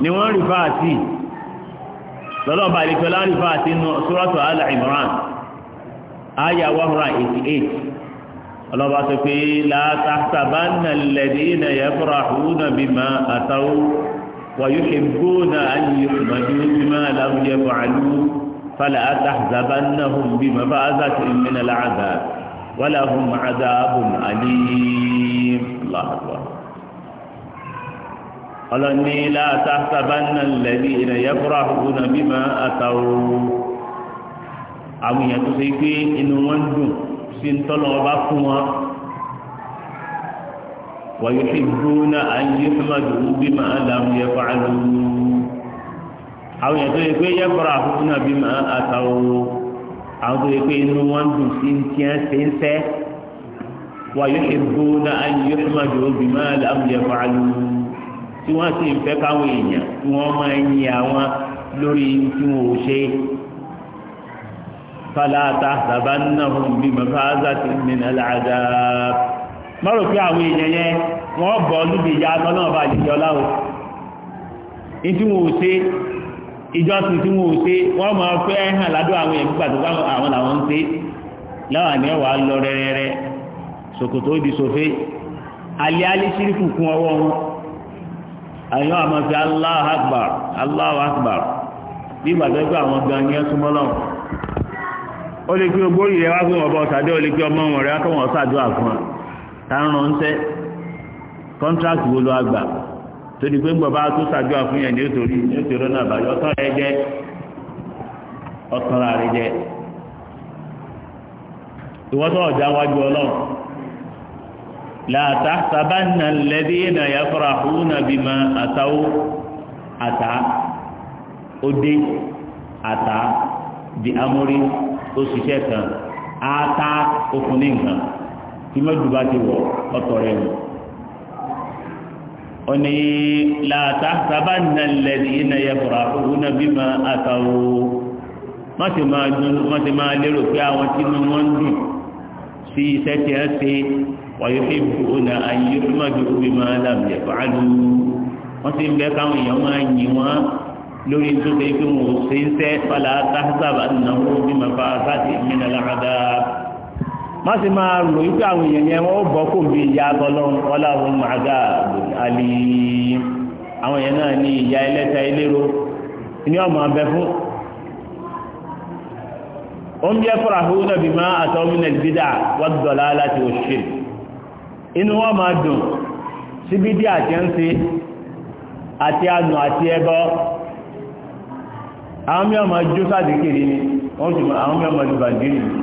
ni wọ́n rí fáàtì lọ́lọ́wọ́ bá àlekè ọlá rí fáàtì nù Suratu Al-Imran aya one hundred and eighty eight ọlọ́ba sọ pé la tahsabanna alladhina yafrahuna bima ataw wa yuhibbuna an yuhmadu bima lam yaf'alu. فلا تحزبنهم بمفازة من العذاب ولهم عذاب أليم الله أكبر قال إني لا تحسبن الذين يفرحون بما أتوا أو يتسيكين إن وندوا سنتلوا بقوا ويحبون أن يحمدوا بما لم يفعلوا àwọn èèyàn tó yẹ pé yẹ kọ́ra àkókò náà bí máa àtàwọn àwọn tó yẹ pé inú wọn dùn sí ti ń ṣe ń fẹ́ wà yóò ṣe gbó náà á yóò ṣe máa dùn bí máa lámúyẹ fàálù tí wọ́n sì ń fẹ́ káwọn èèyàn tí wọ́n máa ń yin àwọn lórí tí wọ́n ò ṣe fala tahsabannahum bí mafazatin min al'adab mọ́rò pé àwọn èèyàn yẹn wọ́n bọ̀ lúbi ìyá ìjọsìn tí wọn ò ṣe wọn máa fẹ hàn ládùn àwọn yẹn nígbà tó bá àwọn làwọn ń ṣe láwọn àmì ẹwà lọ rẹrẹrẹ ṣòkòtò òdì sòfé alẹ́ alẹ́ sírífù kún ọwọ́ wọn àyàn àmọ́sí Allahu Akbar Allahu bí àwọn gan ni ẹ súnmọ́ ó ọba ọ̀sàdé ó lè fi ọmọ wọn wá kọ́ wọn ọ torí pé gbọ́ bá tó ṣàjọ àfún yẹn ní òtòrí ní òtòrí náà bàjẹ́ ọ̀tọ̀ rẹ jẹ́ ọ̀tọ̀ rẹ jẹ́ ìwọ́n tó ọ̀já wájú ọlọ́run láàtà sábàánà lẹ́dí ìnà yà fún nàbí àtàwó àtà òde àtà di amórí oṣiṣẹ́ kan àtà òkùnrin kan tí mẹ́dùbá ti wọ̀ ọ̀tọ̀ rẹ̀ nù oni láta sábà nà lẹ́dí iná yẹ fọ̀rọ̀ àkókò náà bí ma àtàwò wọ́n ti máa dùn wọ́n ti máa lérò pé àwọn tí inú wọn dùn sí iṣẹ́ tí a ṣe wàyí fi bò na ayé tó má dùn bí ma làm fàálù wọ́n ti ń bẹ́ káwọn èèyàn máa má sì máa rò wípé àwọn èèyàn yẹn wọ́n bọ́ kò bí ìyá ọlọ́run ọlọ́run màgà àlè àwọn èèyàn náà ní ìyá ẹlẹ́ta eléro ní ọmọ abẹ fún òun yẹ fúra fún nàbí má àtọ́mínà bídà wọ́n dọ̀lá láti òṣè inú wọn máa dùn síbi dí àti àti ànù àti ẹbọ àwọn mìíràn máa jó sáàdìkiri ni wọ́n sì máa àwọn mìíràn máa dùbàdìrì ni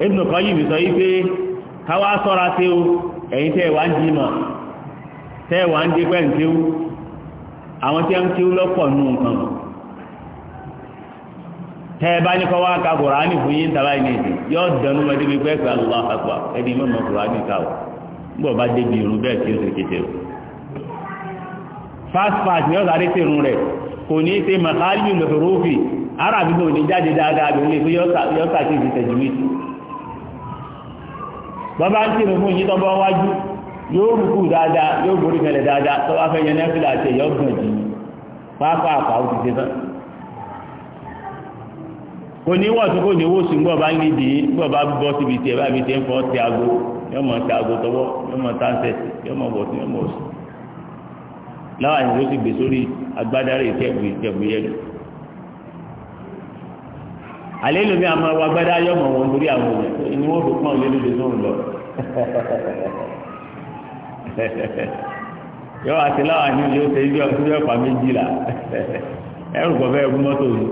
Ibn Qayyim sọ yìí pé sọ́ra o ẹ̀yìn tẹ́ wá ń mọ̀ tẹ́ wá ń dé àwọn tí lọ́pọ̀ nù nǹkan tẹ́ bá ní Kùránì fún yín tàbá yóò dẹnu mọ́ débi ẹni mọ́ Kùránì o nígbà bá débi irun bẹ́ẹ̀ tí ó kété o fast fast ni ó sáré sí irun rẹ̀ kò ní í ṣe màkàlì ara bàbá ń tìrù yín tó bá wájú yóò rúkú dáadáa yóò borí kẹlẹ̀ dáadáa tó bá àti ẹ̀yọ́ gbọ̀n pápá àpá ó ti ṣe tán kò ní wọ́n tún kò ní wọ́sùn gbọ́ bá ń lè dìí bọ́ síbi tiẹ̀ bá ibi tiẹ̀ ń fọ́ ti aago yóò mọ̀ ti aago tọwọ́ yóò mọ̀ tánsẹ̀tì yóò mọ̀ bọ̀tún yóò mọ̀ sùn láwọn àyìnbó sì gbé yọ àti láwọn àní yóò ṣe ibi ọ̀sẹ̀ ọ̀pá méjìlá ẹrù kọ fẹ́ ẹgún mọ́tò yìí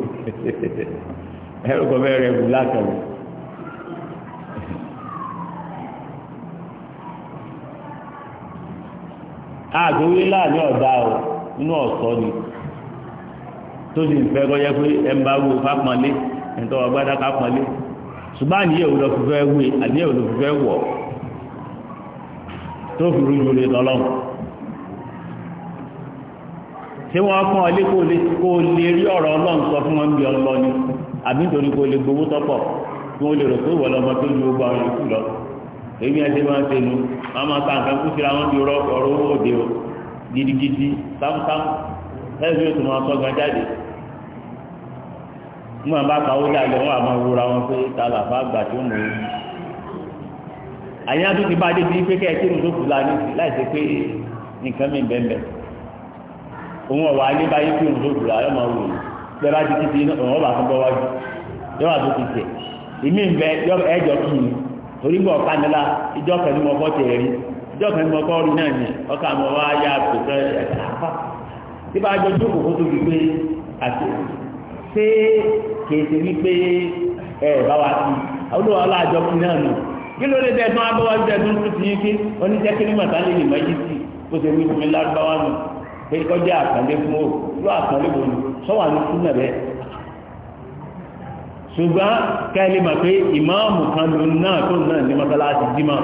ẹrù kọ rẹ̀ ẹgún látọ̀rọ̀ àgbéwí láàrin ọ̀dá o inú ọ̀sọ́ ni tó sì ń fẹ́ kọ́ jẹ́ pé ẹmbà wo fápọ̀nlé ẹ̀ńtọ́ ọgbádá kápọ̀nlé ṣùgbọ́n àníyẹ̀wò lọ fi fẹ́ wé àníyẹ̀wò lọ fi fẹ́ wọ̀ ọ́ tó fi rújú lè tọ́lọ́run tí wọ́n fún ọ lé kó lè rí ọ̀rọ̀ ọlọ́run sọ fún wọn bí ọlọ́ àbí kó lè gbowó tọ́pọ̀ kí wọ́n lè rò tó ju lọ èmi ẹsẹ̀ máa ń wọ́n máa ta nǹkan kú síra wọn bí ọ̀rọ̀ owó òde o gidigidi sámúsámú ẹ̀sìn yóò tún máa sọ gan jáde nígbà bá kàwé dàgbẹ́ wọn àmọ́ wọn pé àyìn àti ìbá dé bíi pé kẹ́ ẹ kí irun tó kù la ní ìsìn láì ṣe pé nǹkan mi bẹ́ẹ̀ bẹ́ẹ̀ òun ọ̀wà alẹ́ bá yẹ kí irun tó kù la yọ máa wù yìí bẹ́ẹ̀ bá ti kí ti òun ọ̀bà tó bọ́ wájú yọ wà tó ti tẹ̀ èmi ń bẹ yọ ẹjọ kì í torí bọ̀ kánilá ìjọ kan ní mo bọ́ tẹ̀ rí ìjọ kan ní mo kọ́ rí náà ni ọkà mo wá yá pèsè ẹ̀ka àpá tí bá jọ jókòó kó tó fi pé àti ẹ̀ kí ló dé tẹ̀sán abọ́wájú tẹ̀sán tó ti yín kí oníṣẹ́ kí ní màtá lè lè má yí sí kó ṣe wí fún mi lárúbáwá nù pé kọjá àkàndé fún o lọ àkàndé wò ni sọ́wọ́ àánú fún nàbẹ. ṣùgbọ́n káyọ̀lẹ́ mà pé ìmáàmù kan ló náà tó náà ní mọ́sálásí dímà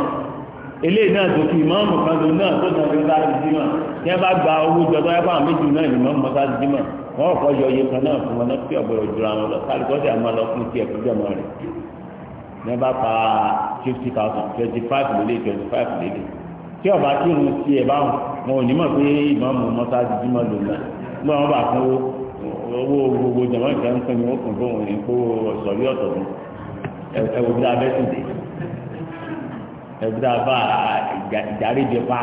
eléyìí náà tó fi ìmáàmù kan ló náà tó náà ní mọ́sálásí dímà tí wọ́n bá gba owó jọba ẹ̀fọ́ àwọn méjì náà ní mọ́sálásí dímà wọ́n kọ́ yọ iye kan náà fún wọn náà fi ọ̀gbọ̀rọ̀ jura ní bá pa fifty thousand twenty five lélẹ̀ twenty five lélẹ̀ tí ọba tí irun ti ẹ̀ báwọn wọn ò ní mọ̀ pé ìmọ̀ọ́mù mọ́tà ti bímọ lòlá ní wọn bá fún owó gbogbo jẹ̀mọ́ ìfẹ́ ń pín owó kùn fún òun ní kó sọ̀rí ọ̀tọ̀ fún ẹ̀wò bí abẹ́ sì dé ẹ̀wò bí abá ìdáríjẹ pa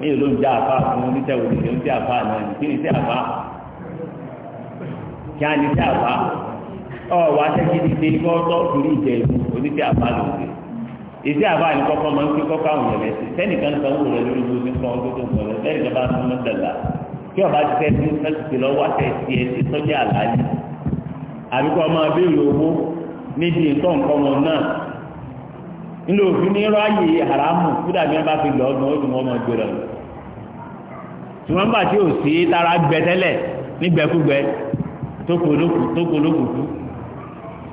ní ìlú ń já àfa fún onítẹ̀wò ní ìlú ń tẹ̀ àfa náà ní kí ni tẹ̀ àfa kí á ní tẹ̀ àfa ọ̀wọ́ atẹ́kìtì ṣe ní kọ́tọ́ torí ìjẹ ìlú oníṣẹ́ àbá ló ṣe èsì àbá ni kọ́kọ́ máa ń fi kọ́kọ́ àwọn èèyàn lẹ́sìn sẹ́nìkan sọ wò rẹ lórí ló ní kọ́ ọdún tó ń sọ rẹ sẹ́nìkan bá tún mọ́ dàgbà kí ọba ti fẹ́ tún fẹ́ tètè lọ́wọ́ àtẹ ti ẹ ti sọ́jà àlàyé àbí kọ́ máa béèrè owó níbi nǹkan nǹkan wọn náà nílò òfin ní ráàyè haramu kúdà bí wọn bá fi lọ ọgbọ̀n ó sì mọ́ ọmọ gbé rẹ ṣùgbọ́n bàtí ò sí tara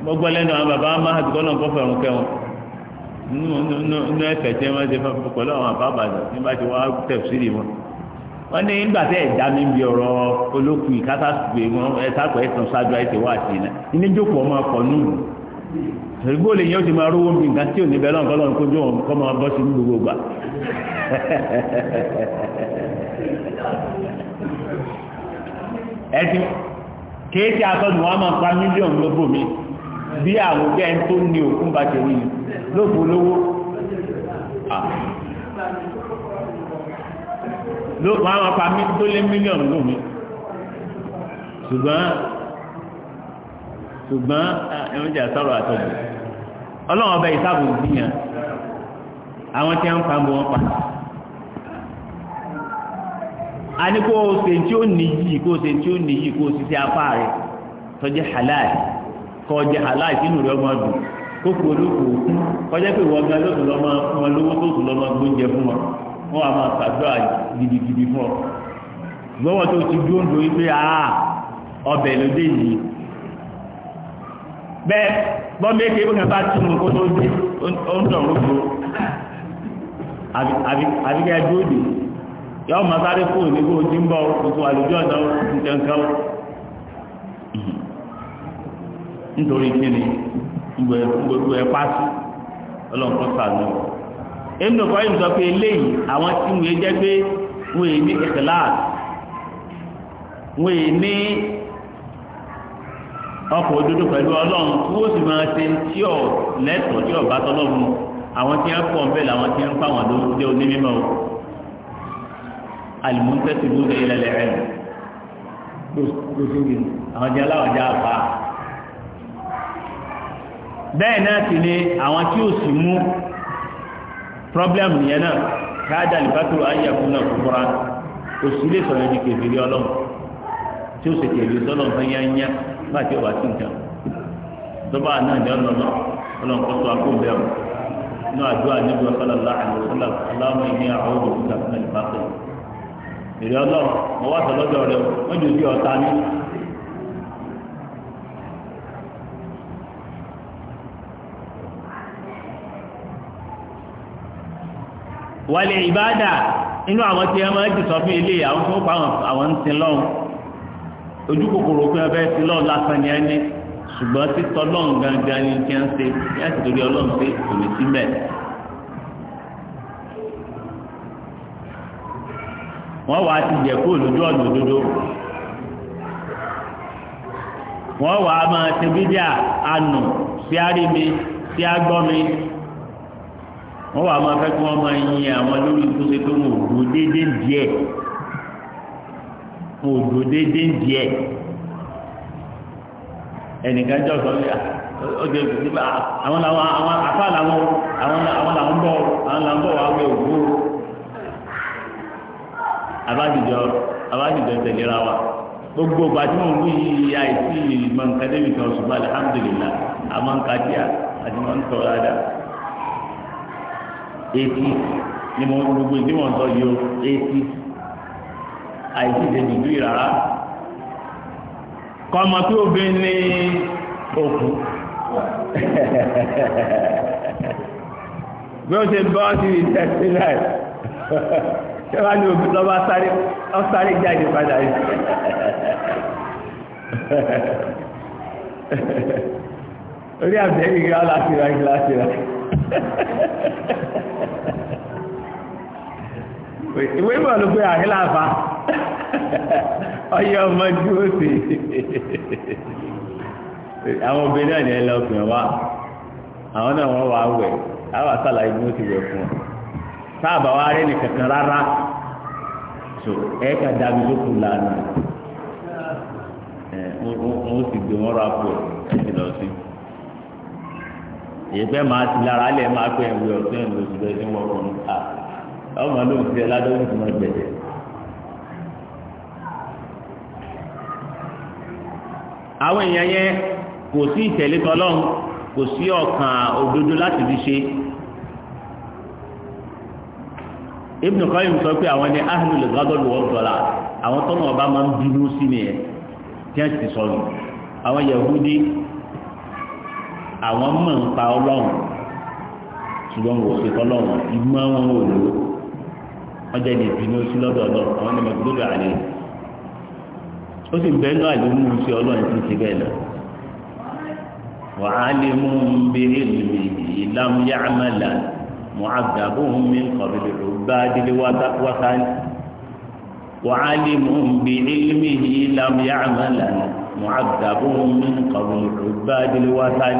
gbogbo lẹ́nu àwọn bàbá máa dùkọ́ náà kọ́ fẹ̀rùn kẹwọn nínú ẹ̀fẹ̀ tí wọ́n ṣe fẹ́ pẹ̀lú àwọn bàbá àbàdàn nígbà tí wọ́n á tẹ̀síìrì wọn ní nígbà tẹ́ ìkátà gbé wọn wá iná ilé ọmọ ìgbó lè ó ti máa rówó mi nǹkan tí ò ní òun kọ́ máa bí àwọn bí ẹni tó ní òkú bá ti rí lóògbò lówó wọ́n á pa mí tó lé mílíọ̀nù lù mí ṣùgbọ́n ṣùgbọ́n ẹ̀rọ ìjà sọ̀rọ̀ àtọ̀jù ọlọ́run ọba ìsáàbò ìdíyàn àwọn tí wọ́n pa mọ́ wọn pa a ní kó o ṣe tí ó nìyí kó o ṣe tí ó nìyí kó o ṣiṣẹ́ apá rẹ̀ tó halal kọjá aláìsí nù rẹ ọmọ dùn kókò olóko kọjá pé wọn gan lóṣù lọmọ fún wọn lówó tó lọmọ gbóúnjẹ fún wọn wọn wà máa fún ọ tó ti dúró ọbẹ̀ ló dé yìí bẹ́ẹ̀ kan bá kó tó dé ó ń dọ̀rọ̀ gbó àbíkẹ́ dúró dé yọ ọmọ sáré fóònù kó o ti ń bọ̀ nítorí kíni gbogbo ẹ̀ pàṣẹ ọlọ́nkọ́ sàánú ẹnu ọ̀pọ̀ ayé sọ pé eléyìí àwọn tí wọ́n jẹ́ pé wọ́n èyí ní ìkìláàsì wọ́n èyí ní ọkọ̀ òdodo pẹ̀lú ọlọ́run tí wọ́n sì máa ṣe tí ọ̀ lẹ́tọ̀ọ́ tí ọ̀bá tọ́lọ́run àwọn tí wọ́n pọ̀ ń bẹ̀ làwọn tí wọ́n fà wọ́n lórí jẹ́ onímọ̀ àlùmọ́ńtẹ́sì lóde ìlẹ̀lẹ̀ àwọn jẹ́ aláwọ̀ jẹ́ bẹ́ẹ̀ náà sì ni àwọn tí ò sì mú problem yẹn náà káàdà lìbátò ayé àkùn náà kúkúrá òsì lè sọ̀rọ̀ ẹni kèfèrí ọlọ́run tí ó sì kèfèrí sọ́lọ́ nǹkan yányá nígbà tí ó bá sí nǹkan dọ́bà náà ní ọlọ́lọ́ ọlọ́run kọ́ sọ akó bẹ́ẹ̀ o inú àdúrà níbi ọ̀sọ́lá láàrin ọ̀sọ́lá aláwọ̀ ìní àwọn òbí kúkà fún ẹ̀lìbátò èrè wàlẹ̀ ìbáàdà inú àwọn tí ẹ máa jù sọ fún ilé àwọn tó pa àwọn ń sin lọ́hùn ojú kòkòrò pé ọbẹ̀ sí lọ́hùn lásán ni ẹni ṣùgbọ́n títọ́ lọ́hùn gangan ni kí ń ṣe kí á sì torí ọlọ́run pé kò ní sí mẹ́ẹ̀. wọ́n wàá ti jẹ̀ kó lójú ọ̀nà òdodo wọ́n wàá máa ṣe bídíà àánú sí àrími sí àgbọ́mi wọ́n wà máa fẹ́ kí wọ́n máa yin àwọn lórí tó ṣe pé wọn ò dúró díẹ̀ wọn ò dúró díẹ̀ ẹnìkan jọ sọ pé ọjọ́ ah, ìgbésí àwọn làwọn àwọn àfa làwọn àwọn làwọn bọ̀ àwọn làwọn bọ̀ wà abájijọ abájijọ wa gbogbo tí àìsí ìmọ̀ nǹkan débi kan alihamudulilayi àmọ́ nǹkan àti eighty ni mo gbogbo ìdí mọ̀ ń sọ yìí o eighty àìsí ṣe dìgírì rárá kọ́ ọmọ tí obìnrin ní òkú bí ó ṣe bọ́ sí ìtẹ̀sí náà ṣé wàá ní òbí lọ́ba sáré ọ̀sáré jáde padà yìí orí àbẹ̀yìn gíga láti ra gíga láti ra. ìwé ìwà ló pé àhílàfà ọyọ ọmọ ju òsè àwọn obìnrin náà ní ẹ lọ pè àwọn náà wọn wà wẹ àwọn àtàlà ìgbín ó ti wẹ fún ọ sáàbà wa kankan rárá so ẹ ká dábì lóko lánàá ẹ wọn ó sì gbé wọn rà pọ ẹ lọ sí i. èyí fẹ́ máa ti lára lẹ̀ máa pẹ́ ìwé ọ̀sẹ̀ ìwé òṣìṣẹ́ tí wọ́n kọ́ níta ọmọ ló ń fi ẹládọ́wọ́ tó máa gbẹ̀dẹ̀. àwọn èèyàn yẹn kò sí ìtẹ̀lé tọlọ́run kò sí ọ̀kan òdodo láti fi ṣe Ibn Qayyim sọ pé àwọn ẹni ahlul ghadab wal dalal àwọn tọ́nà ọba máa ń bínú sí nìyẹn tí wọ́n ti sọ̀rọ̀ àwọn Yahudi àwọn mọ̀ ń pa ọlọ́run ṣùgbọ́n wò ṣe tọ́lọ́run ìmọ̀ wọn ò lò wọ́n jẹ́ ní ìbínú sí lọ́dọ̀ ọlọ́run àwọn ẹni mẹ́tò lórí àlẹ́ ó sì bẹ́ẹ̀ náà ló mú sí ọlọ́run tí ń bẹ́ẹ̀ lọ. wàhálìmù ń bèrè lùmí ìlàmú yàmàlà mùhàdàbùn mi kọ̀bìlì ọgbà délé wátáni wàhálìmù ń bèrè lùmí ìlàmú yàmàlà mùhàdàbùn mi kọ̀bìlì ọgbà délé wátáni.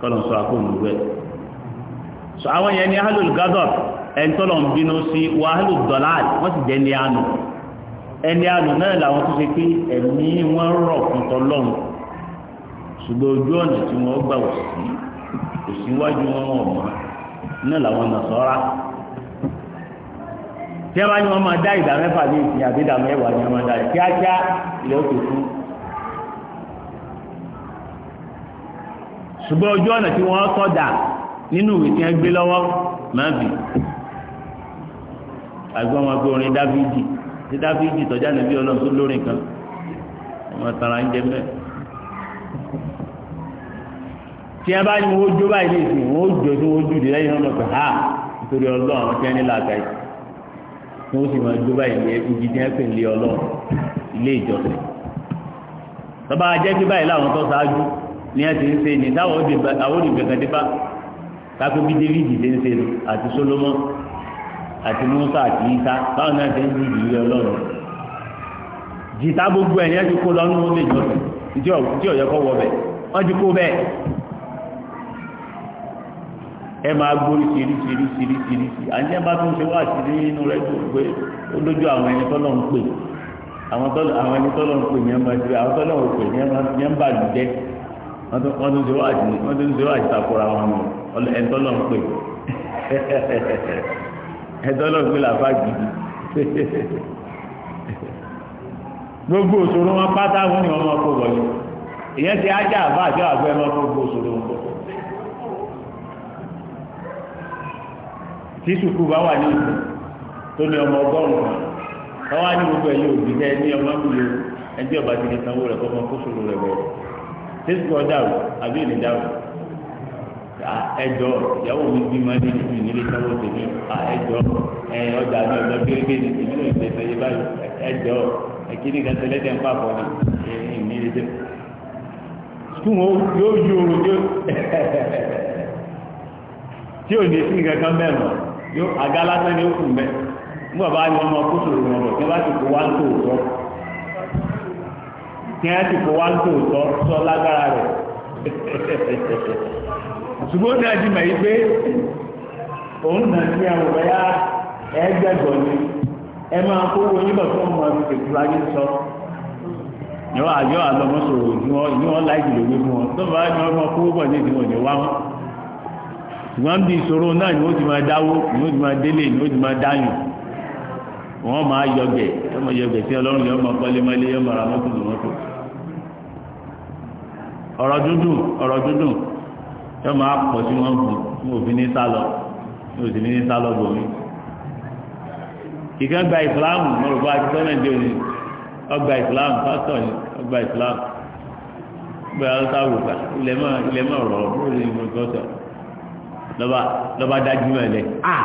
kọ́lọ̀ sọ àkóhùn rẹ̀ so àwọn yẹn ni ahlul gadab ẹni tọ́lọ̀ ń bínú sí wa ahlul dalal wọ́n sì jẹ́ ní àánú ẹni àánú náà làwọn tó ṣe pé ẹ̀mí wọn rọ̀ fún tọlọ́run ṣùgbọ́n ojú ọ̀nà tí wọ́n gbà wọ̀ sí kò síwájú wọn wọn mọ́ náà làwọn nàṣọ́ra tí wọ́n bá ní wọ́n máa dá ìdá mẹ́fà ní ìsìn àbí ìdá mẹ́wàá ní wọ́n máa dá kíákíá ilẹ̀ òkè fún ṣùgbọ́n ojú ọ̀nà tí wọ́n sọ̀dà nínú ìwé tí wọ́n gbé lọ́wọ́ máa bì àgbọ̀n wọn gbé orin dáfídì tí dáfídì tọ́jà níbi ọlọ́run tó lórin kan wọn tara ń jẹ mẹ́rin tí a bá ní wọ́n jó báyìí lè sìn wọ́n jọ tí wọ́n jùdí lẹ́yìn ọmọ pẹ̀ ha nítorí ọlọ́run àwọn tí wọ́n ní làákà yìí tí wọ́n sì máa jó báyìí ní ibi tí wọ́n pè ní ọlọ́run ilé ìjọsìn ní ẹ ti ń ṣe ní táwọn olùgbẹ̀kan dé bá kápẹ́ bí david ṣe ń ṣe àti solomon àti musa àti isa báwọn náà ṣe ń di ìlú ọlọ́run jìtá gbogbo ẹ̀ ní ẹ ti kó lọ́nù ó lè jọ tí ọ̀yẹ́ kọ́ wọ bẹ̀ wọ́n ti kó bẹ́ẹ̀ ẹ máa gbórí sírí sírí sírí Siri sí àti ẹ bá tún ṣe wá sí nínú rẹ tó pé ó lójú àwọn ẹni tọ́lọ̀ ń pè àwọn ẹni tọ́lọ̀ ń pè ní ẹ máa ṣe àwọn tọ́lọ̀ ń pè ní ẹ máa ṣe ẹ ń bà lù jẹ́ wọ́n tún wọ́n tún ṣe wáàjì wọ́n tún ṣe wáàjì takora wọn nù ẹ̀ńtọ́ lọ ń pè ẹ̀ńtọ́ lọ ń pè làfà gidi gbogbo òṣòro wọn pátá wọn ni wọn máa kó wọlé ìyẹn ti ajá àbá àjọ àgbẹ̀ máa kó gbogbo òṣòro wọn. tí sùkú bá wà ní ìlú tó ní ọmọ ọgọ́rùn-ún kan wọ́n ní gbogbo ẹ̀yìn òbí tẹ́ ní ọmọ ìlú ẹjọ́ ọba ti di sanwó rẹ̀ kọ́ ọmọ kóṣòro rẹ̀ bẹ̀rẹ̀ tẹsí ọjà o àbí èmi dà o ẹjọ ìyàwó mi bí ma ní ìlú nílé sáwọ tèmi ẹjọ ọjà mi ọjọ kéréké ní ìlú náà ìlú ẹsẹ yìí báyìí ẹjọ ẹkíní kan tẹlẹtẹ ń pàpọ ní ìní ilé tẹ tí wọn yóò yí oorun tí ó tí ò ní sí nǹkan kan bẹ́ẹ̀ mọ́ yóò àga lásán ni ó kù mẹ́ nígbà bá yọ ọmọ kóso ìrọ̀rùn tí wọ́n bá ti kó wá ń tó òótọ́. kí á ti wá sọ lágbára rẹ̀ ṣùgbọ́n náà ti mọ̀ pé òun náà ní àwọn yá ni ẹ máa kówó nígbà tó sọ yọ àjọ ni wọn ni wọn láì wọn tó bá ní wọn kówó ní ìdíwọ̀n wá wọn ṣùgbọ́n bí ìṣòro náà wọ́n máa yọgẹ̀ ọmọ yọgẹ̀ tí ọlọ́run yọ ọmọ pọ́lẹ́mọ́lé yọ mọ̀ra mọ́tò lò mọ́tò ọ̀rọ̀ dúdú ọ̀rọ̀ dúdú yọ máa pọ̀ sí wọn bù ní òfin ní sálọ ní òsì ní sálọ bòmí ìkan gba ìsìláàmù mọ̀rùbá àti sọ́mẹ̀dì òní ọgbà ìsìláàmù pásítọ̀ ni ọgbà ìsìláàmù gbé ọlọ́sà wùgbà ilẹ̀ mọ̀ ọ̀rọ̀ lọ́ba dájú mẹ́lẹ̀ ah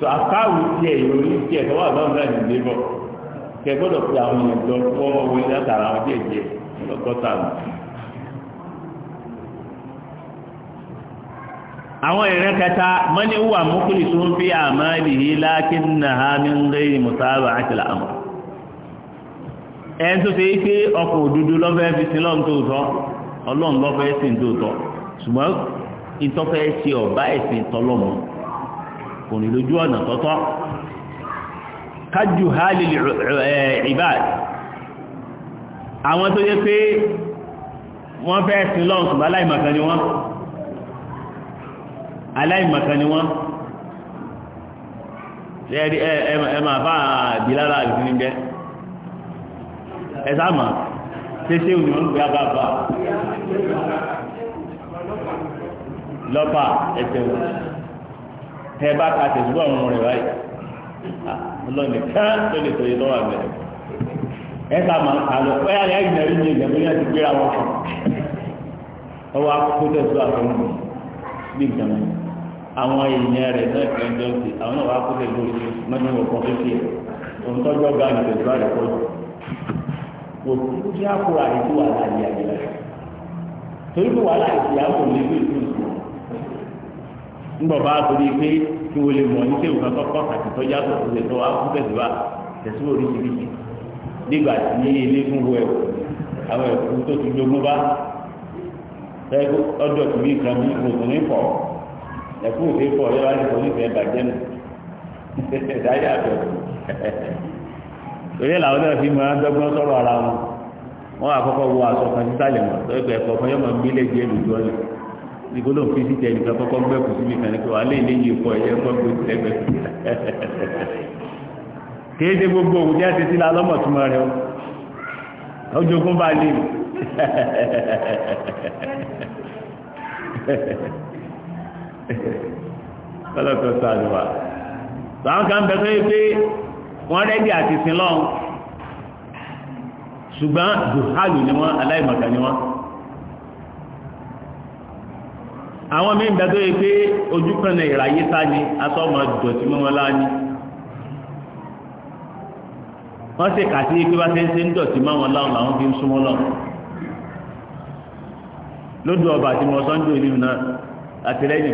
tó àkáwù tiẹ̀ ìròyìn tiẹ̀ tó wà lọ́rùn náà ní lébọ̀ kẹ gbọ́dọ̀ pé àwọn èèyàn jọ kó ọmọ wọlé látara àwọn díẹ̀ díẹ̀ lọ́gọ́ta nù. àwọn ìrìn kẹta mọ́ni wà mọ́kùnrin tó ń fi àmọ́ ìdìyí lákín náà ní ń rí mùsáàbà àti làmọ́ ẹn tó ṣe pé ọkọ̀ lọ́fẹ́ fi sin lọ́n tó tọ́ lọ́fẹ́ tó tọ́ ṣùgbọ́n ìtọ́fẹ́ ṣe ọ̀bá ẹ̀sìn kò ní lójú ọ̀nà tọ́tọ́ kájú hálì ìbáàd àwọn tó yẹ pé wọ́n fẹ́ sin lọ́n ṣùgbọ́n aláìmọ̀kan ni wọ́n aláìmọ̀kan ni wọ́n lẹ́ẹ̀rí ẹ máa bá àbí lára àbí ní jẹ́ ẹ sáàmà tẹ́sẹ̀ òní wọ́n gbé àbábá lọ́pàá ẹ̀tẹ̀wọ̀n tẹ bá ta tẹsíbọ ọrùn rẹ báyìí tó lè máa lọ pé àyà ìnáwó ní ìgbàgbọ́ yẹn ti gbéra wọn kàn ọwọ́ akókó tẹ̀síbọ àfọwọ́n bí nǹkan àwọn èèyàn rẹ̀ náà kì í jọ àwọn náà wà á lórí mẹ́rin wọ̀ kọ́ fífi ohun tọ́jọ́ ga ní tẹ̀síbọ rẹ̀ kó àyè tó wà láàyè torí kó wà láàyè ńgbọ̀ bá a torí pé kí wọ́n lè mọ̀ ní kéwù kan kọ́kọ́ àti tọ́já tó ti tẹ̀tọ́ akúfẹ̀sì wa tẹ̀sí oríṣiríṣi nígbà tí ilé fún wo ẹ̀kú àwọn ẹ̀kú tó ti jogún bá ọdọ̀ tó bí nǹkan bí kò tún ní pọ̀ ẹ̀kú òfé pọ̀ yẹ wá ní kò ní fẹ́ bàjẹ́ nù dáyà bẹ̀ torí làwọn náà fi máa ń dọ́gbọ́n ara wọn wọn àkọ́kọ́ wo aṣọ kan sísàlẹ̀ mọ̀ tó ẹ̀kọ́ ẹ̀kọ́ kan yọ ìbò ló ń fi síta ẹnìkan kọ́kọ́ gbẹ́kù sí mi kan ní pé wàá lé eléyìí kọ ẹ̀yẹ kọ́ gbé ẹgbẹ́ kéde gbogbo òwú bí a ti ti la lọ́mọ̀túnmọ̀ rẹ o ojogún bá lè mi kọ́lọ́kọ́ sáàdùwà sàwọn kan bẹ̀ tó yẹ pé wọ́n rẹ́dí àti sin lọ́hùn ṣùgbọ́n dùhálù ni wọ́n aláìmọ̀kà ni wọ́n. àwọn míì bẹ tó yẹ pé ojú kan náà ìráyé sá ni asọ́mọ dọ̀tí mọ́mọ́lá ni wọ́n sì kàtí sí pé ṣe ń ṣe ń dọ̀tí mọ́wọn láwọn làwọn fi ń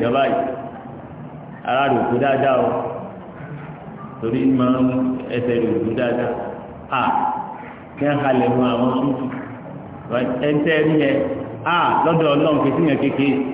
ara rẹ̀ dáadáa o torí máa ń ẹsẹ̀ a kí ń halẹ̀ mọ́ àwọn súnfù ní yẹn a lọ́dọ̀ ọlọ́run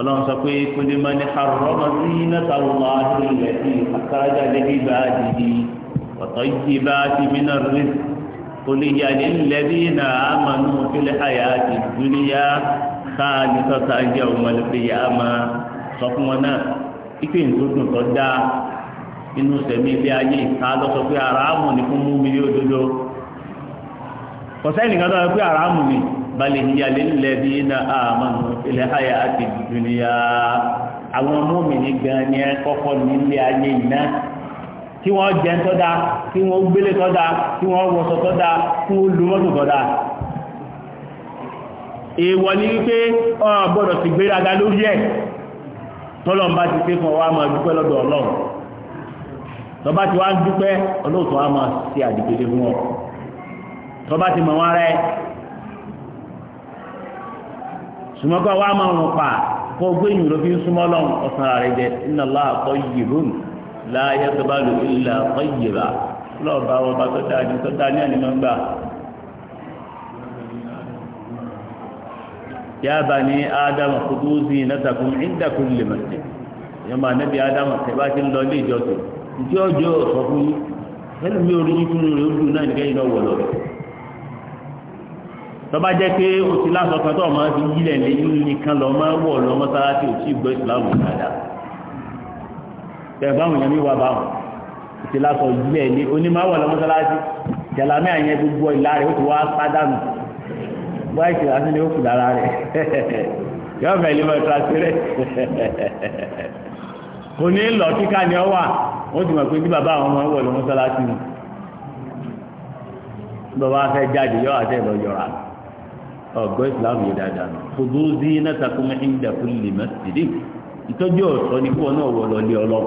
ọlọ́run sọ pé kúndé máa ní harọ́mọ sí nàtàlùmọ́ àdúrà sí àkàràjà lẹ́bí bá a ti di ọ̀tọ̀ yìí bá a ti mí náà rí olùyà ní lẹ́bí náà a máa nù fílẹ̀ àyà àti dúníyà káà ní sọ́ta jẹ́ ọmọlẹ́fẹ̀yà a máa sọ fún wọn náà ipe ìdúdùn tó dáa inú sẹ̀mí ilé ayé ìta lọ sọ pé aráàmù ní fún mú mi ní òdodo kọ̀sẹ́ nìkan tó sọ pé aráàmù ni bali hiya lilladhina amanu fil hayati dunya àwọn mọ́mìnì gan ni ẹ kọ́kọ́ nílé ayé iná kí wọ́n jẹ tọ́da kí wọ́n gbélé tọ́da kí wọ́n wọṣọ tọ́da kí wọ́n lu mọ́tò tọ́da èèwọ̀ ni wípé ọ̀rọ̀ gbọ́dọ̀ ti gbéraga lórí ẹ̀ tọ́lọ̀mbá ti pé fún ọwọ́ àmọ́ dúpẹ́ lọ́dọ̀ ọlọ́run tọba ti wá ń dúpẹ́ ọlọ́ọ̀tọ̀ àmọ́ sí àdìgbélé fún ọ tọba ti mọ̀ wọn rẹ̀ sùmọ́kọ́ wa máa rùn pa kó gbé ìyìn ló fi ń súnmọ́ lọ́wọ́ ọ̀sán rẹ̀ jẹ́ inna Allaha tayyibun la yaqbalu illa tayyiba lọ́ọ̀ bá wọn bá tó dáa ní tó dáa ní ànímọ́ gbà. ya bani ádámù khudhu zinatakum inda kulli masjid yọmọ anabi ádámù tẹ̀bá ti ń lọ ilé ìjọsìn ìjọ́jọ́ sọ fún yín ẹnu mi ò rí yín fún mi ò dùn náà nígbà yín náà wọ̀ lọ́rọ̀ tọ́ba jẹ́ pé o ti lásọ kan tó ọmọ fi yílẹ̀ lé nìkan lọ máa wọ̀ lọ mọ́sálásí ò tí gbọ́ ìsìláàmù dáadáa tẹ̀gbọ́n àwọn èèyàn mi wà báwọn o ti lásọ yílẹ̀ lé onímọ̀wọ̀ lọ mọ́sálásí jàlámì àyẹn gbogbo ìlà rẹ̀ ó ti wá sádàmù wá ìsìláàmù ni ó kù lára rẹ̀ yọ fẹ́ lè mọ ìtàsírẹ̀ kò ní lọ kíkà ni ọ wà wọ́n ti mọ̀ pé bí bàbá àwọn ọmọ wọ̀ lọ mọ́sálásí ni bàbá fẹ́ jáde yọ àtẹ̀ lọ yọra ọ̀gbọ́ ìsìláàmù yìí dáadáa fòdó sí náta kó mẹ́ ìdá fún lè má sì dé ìtọ́jú ọ̀sọ́ ni kó náà wọ̀ lọ́lé ọlọ́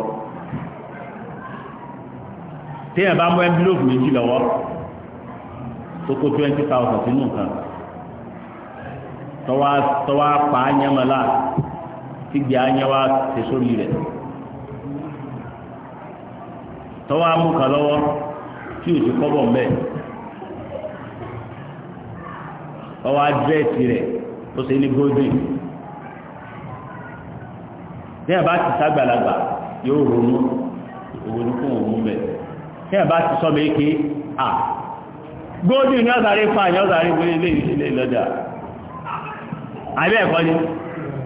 téèyàn bá mú ẹ́ńbílóòfù méjì lọ́wọ́ tó kó twenty thousand sínú nǹkan tọ́wá tọ́wá pa á nyẹ́mọ́lá tí gbé á nyẹ́wá ṣe sórí rẹ̀ tọ́wá mú kan lọ́wọ́ tí ò sí kọ́bọ̀ mbẹ́ẹ̀ ọwọ́ àdírẹ́sì rẹ̀ tó ṣe ní golden ní àbá ti ságbàlagbà yóò ronú òwòrán fún òun bẹ̀ ní àbá ti sọ méèké à golden ní ọ̀sàrí fún àyàn ọ̀sàrí fún ilé ìṣẹ̀lẹ̀ ìlọ́jà àbẹ́ ẹ̀kọ́ ni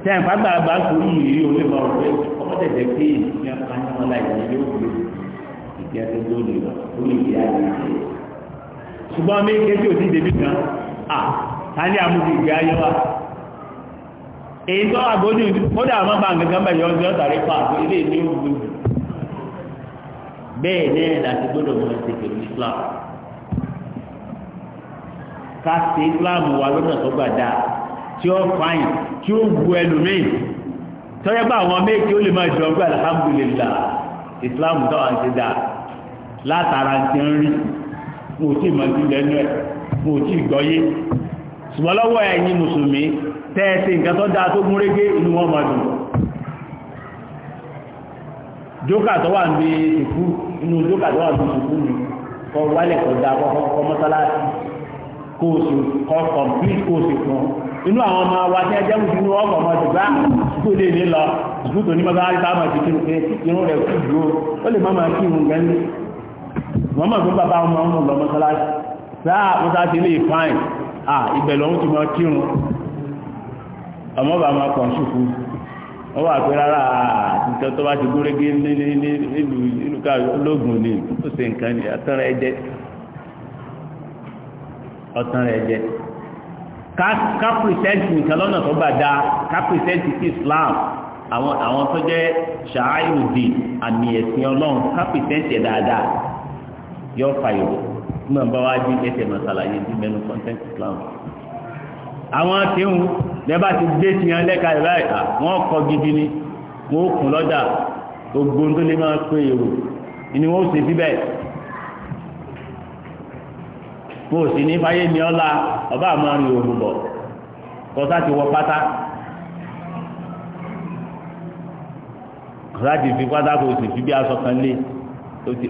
tí àǹfà gbàgbà sórí ìrírí orí ọ̀rọ̀ pé ọmọ tẹ̀tẹ̀ pé ìṣẹ́ àyàn ọ̀la ìṣẹ̀lẹ̀ yóò gbé ìṣẹ́ tó golden lọ ó lè gbé àyè ìṣẹ̀lẹ̀ ṣùgbọ́n méèké tí ò a ní àmúbi ìgbé ayé wa èyí tó wà gbójú kódà àmọ́ bá nǹkan bá yọ ọjọ́ tàrí pa àgbo ilé ìlú ògùn bẹ́ẹ̀ náà láti gbọ́dọ̀ mọ ẹsẹ̀ pẹ̀lú Islam ká ṣe Islam wa lọ́nà tó gbà dáa tí ó fàyìn tí ó wu ẹlòmíì tọ́yẹ́ bá àwọn méjì ó lè máa jọ ọgbẹ́ alhamdulillah Islam táwọn ti dáa látara ti ń rí mo ò mọ̀ sí lẹ́nu ẹ̀ mo ò gbọ́yé ṣùgbọ́n lọ́wọ́ ẹ̀yin mùsùlùmí tẹ́ẹ̀sì nǹkan tó dáa tó gún régé inú wọn mọ̀ dùn jókà tó wà ní ìsìnkú inú jókà tó wà ní ìsìnkú mi kọ wálẹ̀ kọ da kọ mọ́sálásí kó o sì kọ complete kó o sì fún inú àwọn ọmọ wa tí ẹjẹ́ mú sínú ọkọ̀ ọmọ ti bá sùkúù lè ní lọ sùkúù tó ní bá bá rí ti kírun pé irun rẹ̀ kú dúró ó lè máa kírun gan ní wọ́n fún bàbá ọmọ ọmọ lọ mọ́sálásí sáà mọ́sálásí lè fáìn à ìbẹ̀lẹ̀ òun ti mọ kírun ọmọ bá máa kàn ṣùkú wọ́n wà pé rárá àtijọ́ tó bá ti gúnrégé nílùú ìlúkà ológun ni ó ṣe nǹkan ni ọ̀tán rẹ̀ jẹ́ ọ̀tán rẹ̀ jẹ́ ká pìrìsẹ́ǹtì nǹkan lọ́nà tó bá dáa ká pìrìsẹ́ǹtì sí Islam àwọn àwọn tó jẹ́ ṣááyùdì àmì ẹ̀sìn ọlọ́run ká pìrìsẹ́ǹtì ẹ̀ dáadáa fàyọ̀ nígbà bá wá jí ẹsẹ̀ máa ṣàlàyé sí mẹ́nu content Islam àwọn akéhùn lẹ́bàá ti gbé sí yan lẹ́ka ìlà ìta wọ́n kọ gidi ni wọ́n ó kùn lọ́jà gbogbo tó lè máa pé èrò ni wọ́n ó ṣe síbẹ̀ mo sì ní fáyé mi ọ́la ọba àmọ́ rìn òòrùn bọ̀ kọ́sá ti wọ pátá láti fi pátákó sì fi bí aṣọ kan lé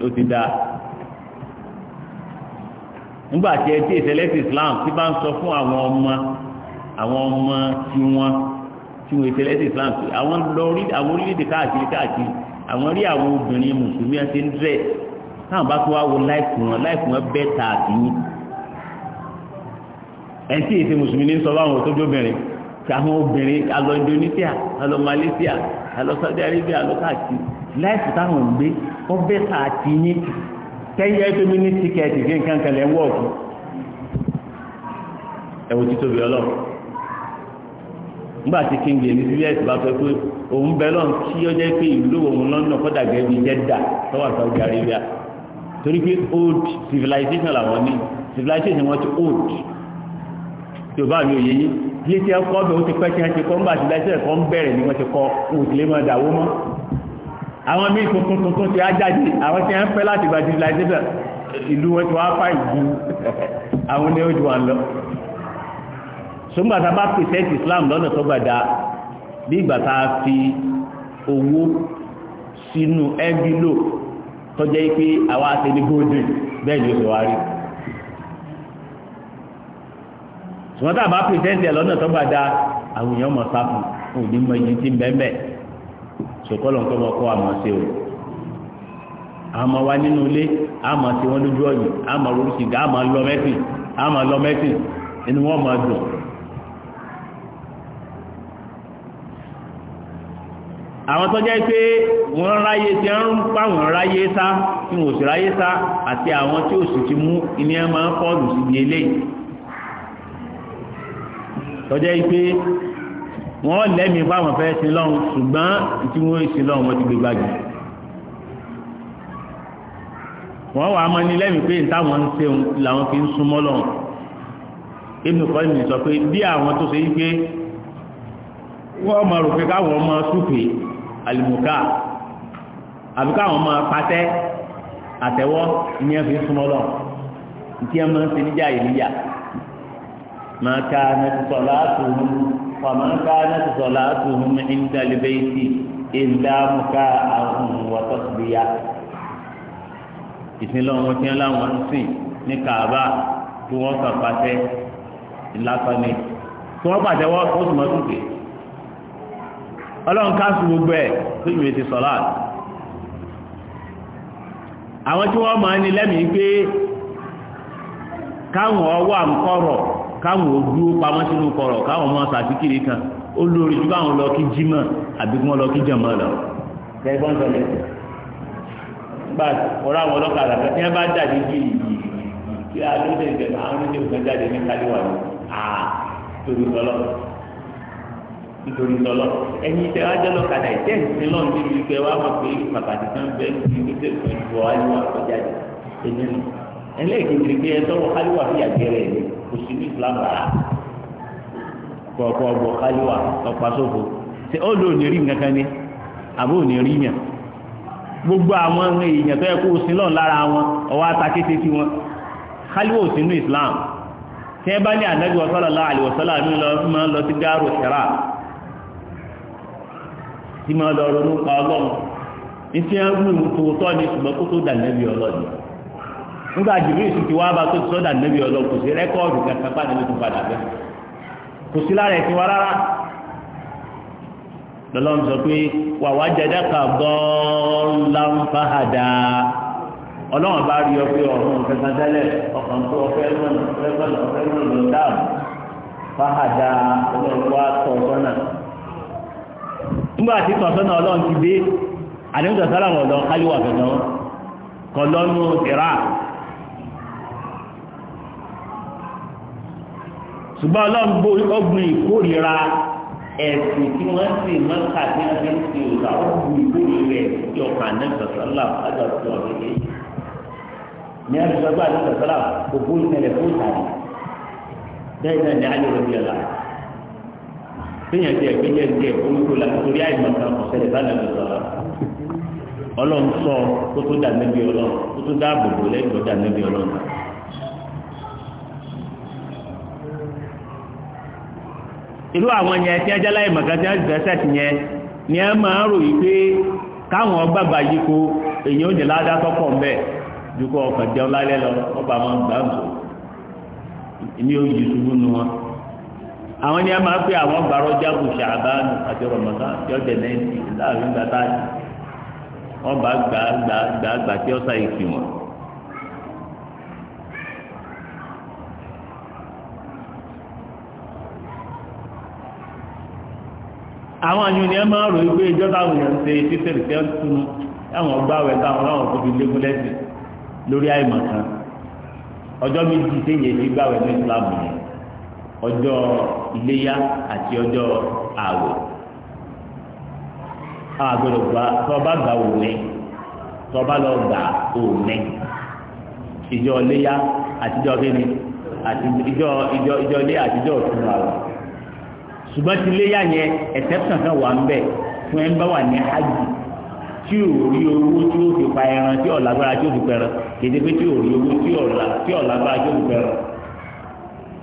ó ti dáa nígbà tí ẹ tí ìṣẹlẹsì Islam tí bá ń sọ fún àwọn ọmọ àwọn ọmọ tí wọn tí wọn ìṣẹlẹsì Islam tí àwọn lọ rí àwọn orílẹ̀-èdè káàkiri káàkiri àwọn rí àwọn obìnrin mùsùlùmí ẹsẹ ń dírẹ táwọn bá tó wá wo láìpù wọn láìpù wọn bẹ tà àtìyìn ẹn tí èsì mùsùlùmí ní sọ báwọn tó jóbìnrin tí àwọn obìnrin alọ Indonesia alọ Malaysia alọ Saudi Arabia alọ káàkiri láìpù táwọn ń gbé wọn bẹ tà àtìyìn tẹ́yẹ tó mi ní tíkẹ́ẹ̀tì gé nǹkan kan lẹ́ ń wọ̀ọ̀kú ẹ̀wò tí tóbi ọlọ́run nígbà tí king james bs bá fẹ́ pé òun bẹ lọ́n kí ọjọ́ pé ìlú òun lọ́nà kọ́dà gẹ́gẹ́ bí jẹ́dà tọ́wọ́ Saudi Arabia torí pé old civilization làwọn ní civilization wọn ti old tí o bá mi ò yé yín ilé tí ẹ kọ́ bẹ́ẹ̀ ó ti pẹ́ tí wọ́n ti kọ́ nígbà tí ilé ẹ̀kọ́ ń bẹ̀rẹ̀ ni wọ́n ti kọ́ òun ò sì mọ́ àwọn míì tuntun tuntun ti á jáde àwọn tí wọ́n fẹ́ láti gba civilization ìlú wọn ti wá fà ìlú àwọn ní ojú wa lọ sọgbàtà bá pèsèntì Islam lọ́nà tó gbàdá bí ìgbà tá a fi owó sínú ẹ́ńbílò tó jẹ́ pé àwa àti ní golden bẹ́ẹ̀ ni ó sọ wá rí sọgbàtà bá pèsèntì ẹ̀ lọ́nà tó gbàdá àwọn èèyàn mọ̀ sáfù òní mọ iye tí bẹ́ẹ̀ sòkòlò nǹkan ọkọ àmọ́ ṣe o àmọ́ wa nínú ilé àmọ́ ṣe wọ́n lójú ọ̀yìn àmọ́ oríṣi gà àmọ́ lọ mẹ́sìn àmọ́ lọ mẹ́sìn inú wọn máa dùn. àwọn tó jẹ́ pé wọ́n ráyé tí wọ́n ń pa wọ́n ráyé sá tí wọ́n sì ráyé sá àti àwọn tí ó sì ti mú iní ẹ̀ máa ń kọlù sí ilé tó jẹ́ pé wọ́n lẹ́mìí fáwọn fẹ́ sin lọ́hùn ṣùgbọ́n tí wọ́n sin lọ́hùn wọ́n ti gbé gbájú wọ́n wà á mọ́ ní lẹ́mìí pé táwọn ń ṣe làwọn fi ń súnmọ́ lọ́hùn inú kọ́ ìmì sọ pé bí àwọn tó ṣe wípé wọ́n mọ̀ rò pé káwọn ọmọ súpè àlùmùká àbí káwọn ọmọ patẹ́ àtẹ́wọ́ ní ẹ fi ń súnmọ́ lọ́hùn tí ẹ máa ń ṣe níjà ìníyà máa ka mẹ́tìtọ̀ láàtò فما كانت صلاتهم عند البيت إلا مكاء وتصدية ìsìn lọ́wọ́ tí wọ́n láwọn ń sìn ní kaaba tí wọ́n kà pàṣẹ ìlàkọ́ni tí wọ́n pàṣẹ wọ́n ó sì mọ́ dùkẹ́ ọlọ́run káàsù gbogbo ẹ̀ tó ìwé ti sọ̀lá àwọn tí wọ́n máa ń ní lẹ́mìí pé káwọn ọwọ́ à káwọn ò dúró pamọ́ sínú kọ̀rọ̀ káwọn ọmọ sàtíkìrì kan ó lórí ju káwọn lọ kí jímọ̀ àbí kí wọ́n lọ kí jàmọ́ lọ. kẹ́gbọ́n sọ mi gbà ọ̀rọ̀ àwọn ọlọ́kadà kan tí wọ́n bá dàbí bí kí alóde ìjẹba àwọn oníṣẹ́ òkè jáde ní kálíwà ni à torí sọlọ nítorí sọlọ ẹni tẹ wá jẹ́ lọ́kadà ìtẹ́ ìsinmi lọ́nà níbi ìgbẹ́ wa mọ̀ pé pàtàkì kan bẹ́ẹ̀ ní ìgbésẹ̀ ìwọ̀ ayé wa kọjá ẹni ẹlẹ́ẹ̀kejì pé ẹ tọ́wọ́ kálíwà fi àgbẹ̀rẹ̀ ẹ̀ kò sí ní islam rárá kọ̀ọ̀kọ̀ ọ̀bọ̀ káyọ̀wà ọ̀pásòfò ṣe ó lò ní rí nǹkan ní gbogbo àwọn èèyàn tó yẹ kó awọn lára wọn ọwọ́ atakété sí wọn islam tí ẹ bá ní ànábì sallallahu alaihi lọ nígbà jìbìrì sì ti wá bá tó ti sọ́dà níbi ọ̀lọ́ kò sí rẹ́kọ́ọ̀dù kankan bá níbi tó padà bẹ́ẹ̀ kò sí lára ẹ̀sìn wa rárá lọ́lọ́run sọ pé wà wá jẹjẹ kà bọ́ọ̀lá ń fàhàdà ọlọ́run bá rí ọ pé ọ̀run kankan tẹ́lẹ̀ ọkàn tó ọfẹ́ lọ́nà ọfẹ́ lọ́nà ọfẹ́ lọ́nà dáàbò fàhàdà ọlọ́run wá tọ̀ sọ́nà nígbà tí tọ̀ sọ́nà ọlọ́run ti dé àdéhùn sọ́nà ọ̀dọ́ káyọ̀ wà fẹ̀sán kọlọ́nù ìrà ṣùgbọ́n ọlọ́gbọ́ ọgbìn ìkórìíra ẹ̀sìn tí wọ́n sì máa ń kà ní abẹ́ ìsìn òòlà ọgbìn ìkórìíra ẹ̀sìn tí ọkàn náà sọ̀tọ́lá ọjọ́ tó ọ̀rẹ́ yẹn. ní abisọ́gbà ní sọ̀tọ́lá òkú ìṣẹ̀lẹ̀ fún ìtàrí bẹ́ẹ̀ náà ní alẹ́ rẹ̀ bíọ́lá. téèyàn ti ẹ̀gbẹ́ jẹ́ díẹ̀ orúkọ torí àìmọ̀ kan bá irú àwọn yẹn tí ajá láì màkà tí wọ́n ti yẹn ni ẹ máa ń rò yìí pé káwọn bàbá yìí ko èyí ò ní ládá tọ́pọ̀ mbẹ́ ju kọ́ ọkọ̀ jẹun lálẹ́ lọ ọba àwọn gbàǹsọ̀ ní oyè ṣubú nu wọn àwọn ni a máa pe àwọn gbàrọ jábù ṣàbánu àti rọmọdán tí ọjà náà ti láàrin gbàtà ọba gbàgbàgbà tí ọsà ìkì wọn. àwọn àyùn ni ẹ máa rò wípé ìjọ táwọn èèyàn ṣe títẹ̀ rìpẹ́ túnú táwọn gbáwẹ̀ táwọn láwọn tó fi lẹ́sìn lórí àìmọ̀ kan ọjọ́ méjì téèyàn gbáwẹ̀ ní yẹn ọjọ́ iléyá àti ọjọ́ ààwẹ̀ gba tọ́ba gba òmẹ tọ́ba lọ gba ìjọ iléyá àtijọ́ àti ìjọ ìjọ ìjọ ilé àtijọ́ òtún ṣùgbọ́n ti léyà yẹn exception kan wà ń bẹ̀ fún ẹ̀ ń bá wà ní hajj tí ò rí owó tí ó fi pa ẹran tí ò lágbára tí ó fi pẹran kéde pé tí ò rí owó tí ò lágbára tí ó fi pẹran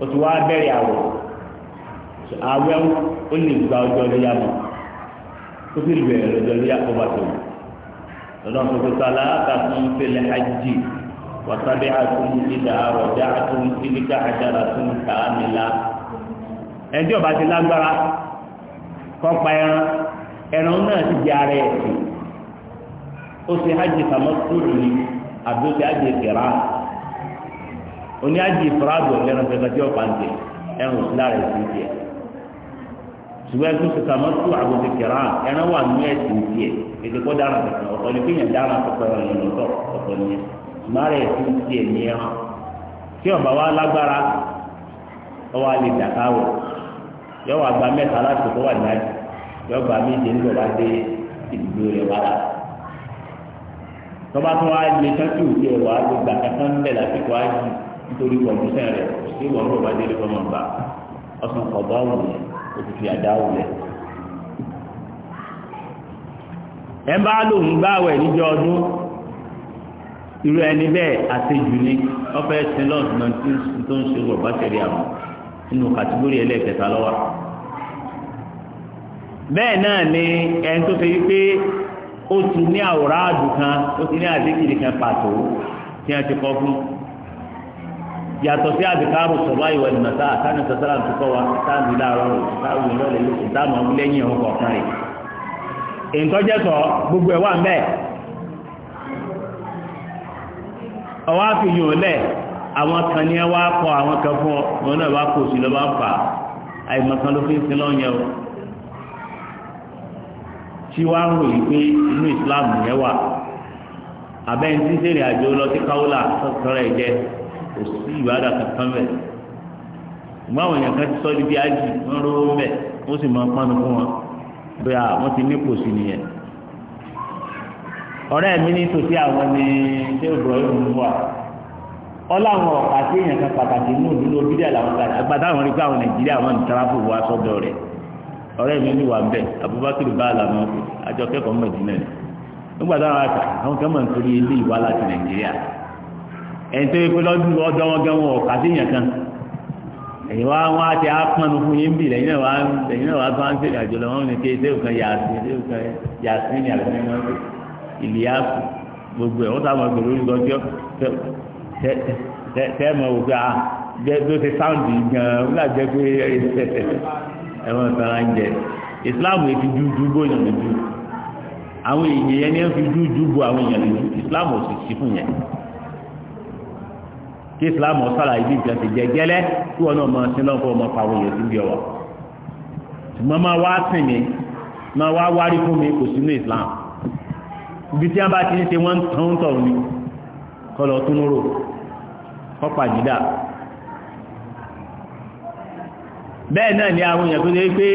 o ti wá bẹ̀rẹ̀ àwọ̀ àwẹ̀ ó lè gba ọjọ́ léyà mọ́ ó sì bẹ̀rẹ̀ lọ́jọ́ léyà kó bàtò lọ́dọ̀ tó sálá àtàkùn fẹlẹ̀ hajj wàtàbí àtúntì dàrọ̀ dàtúntì níkà àjàrà tó ń ẹni tí ọba ti lágbára kọ́pa ẹran ẹran náà ti di ara ẹ̀sìn ó ṣe hajj tamattu' ni àbí ó ṣe hajj ìfìrà oní hajj ìfìrà bò lẹ́ran fẹ́fẹ́ tí ọ̀pá ń tẹ̀ ẹran òsì lára ẹ̀sìn tiẹ̀ ṣùgbọ́n ẹni tó ṣe tamattu' àbò ṣe kẹ̀rà ẹran wà ní ẹ̀sìn tiẹ̀ ètò kọ́ dára kankan ọ̀tọ̀ ni kéèyàn dára kankan ẹ̀yìn lọ́tọ̀ ọ̀tọ̀ ni mara ní ẹran ọba wa lágbára ọwọ́ alẹ́ dàkáwọ̀ yọ wà gba mẹ́ta láti tó wà ní àjò yọ gba méje nígbà wá dé ibùdó rẹ wá la tọ́ba tó wá lé sọ́tù òkè wá ló gbà kankan ń bẹ̀ lásìkò àjò nítorí kọ̀ǹpútà rẹ sí wọn ló wà dé lè fọmọ gbà ọsàn kọ̀ọ̀bá wù yẹn òtútù àdá wù yẹn. ẹ bá lòun gbàwẹ̀ níjọ́ ọdún irú ẹni bẹ́ẹ̀ àtẹjù ni wọ́n fẹ́ sin náà tó ń ṣe wọ̀ bá tẹ̀lé àwọn nínú kàtígórì ẹlẹ́ẹ̀kẹta lọ́wọ́ bẹ́ẹ̀ náà ni ẹni tó ṣe wípé ó ti ní àwòrán àdùn kan ó ti ní àdékìrì kan pàtó tí wọ́n ti kọ́ fún yàtọ̀ sí àdìkárò sọ̀bá ìwà ìmọ̀ta àtàní sọ̀tàlá ti kọ́ wa táàbí láàárọ̀ táàbí ìrọ̀lẹ́ lóṣù táàmù ọdún lẹ́yìn ọ̀hún kọ̀ọ̀kan rẹ̀ ìtọ́jẹ́sọ̀ gbogbo ẹ̀ wà ń bẹ́ẹ̀ ọwọ́ àfihàn lẹ́ẹ̀ àwọn kan ní ẹ wá kọ àwọn kan fún ọ wọn náà wá kò sí lọ bá fà àìmọ̀kan ló fi ń sin lọ́yẹn o tí wá ń ròyìn pé inú Islam yẹn wà abẹ́yìn tí sèrè àjò lọ sí káwọ́là sọ́kọ̀rọ̀ ẹ̀jẹ̀ kò sí ìbáradà kankan mẹ́ ìgbà àwọn èèyàn kan ti sọ́ níbi ájì wọ́n rówó mẹ́ wọ́n sì máa ń pánu fún wọn bóyá wọ́n ti ní kòsì nìyẹn. ọ̀rẹ́ mi ní tòsí àwọn ni ṣé òbúrọ̀ yóò mú ọláwọn ọ̀pá sí èèyàn kan pàtàkì inú ìdúró bídíà làwọn kan àgbàdo àwọn àwọn nàìjíríà wọn ní tarafu wa sọ́dọ̀ rẹ̀ ọ̀rẹ́ mi ní wà ń bẹ̀ abubakar bá àlànà àjọ kẹ́kọ̀ọ́ mẹ́dínà ni nígbà táwọn àwọn ń torí ilé ìwà láti nàìjíríà tó yẹ pé lọ́dún ọdọ́ wọn gan wọn ọ̀pá sí èèyàn kan wá wọn àti fún yín bì tẹ́ẹ̀mọ̀ wò pé ah, bí ó ṣe sáǹdì gan-an ó gbà jẹ́ pé ẹ̀wọ̀n sara ń jẹ Islam èfi dúdú bóyá lójú àwọn èèyàn yẹn ni wọ́n fi dúdú bo àwọn èèyàn lójú Islam ò sì sí fún yẹn kí Islam ọ̀sára ibi ìjọba ti jẹ gẹ́lẹ́ kí wọn náà máa sin náà kó ọmọ pàwọn èèyàn síbi ọ̀wọ́ ṣùgbọ́n máa wá sìn mi máa wá wárí fún mi kò sínú Islam ibi tí wọn bá ti ń ṣe wọn tán tọ̀ mi kọlọ̀ tún rò. ọ̀pàdídà bẹ́ẹ̀ náà ni àwọn èèyàn tó lè pé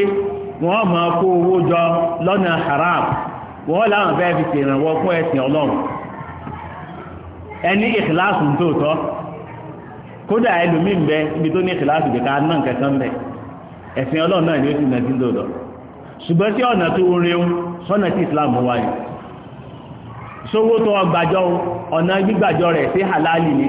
wọ́n máa kó owó jọ lọ́nà haram wọ́n láwọn fẹ́ fi ṣèrànwọ́ fún ẹ̀sìn ọlọ́run ẹni ìkìláàsù ń tóòtọ́ kódà ẹlòmíì ń bẹ ibi tó ní ìkìláàsù kẹta náà nǹkan kan ẹ̀sìn ọlọ́run náà ni ó ti nà sí Islam wà yìí sówó tó ọ̀nà halali ni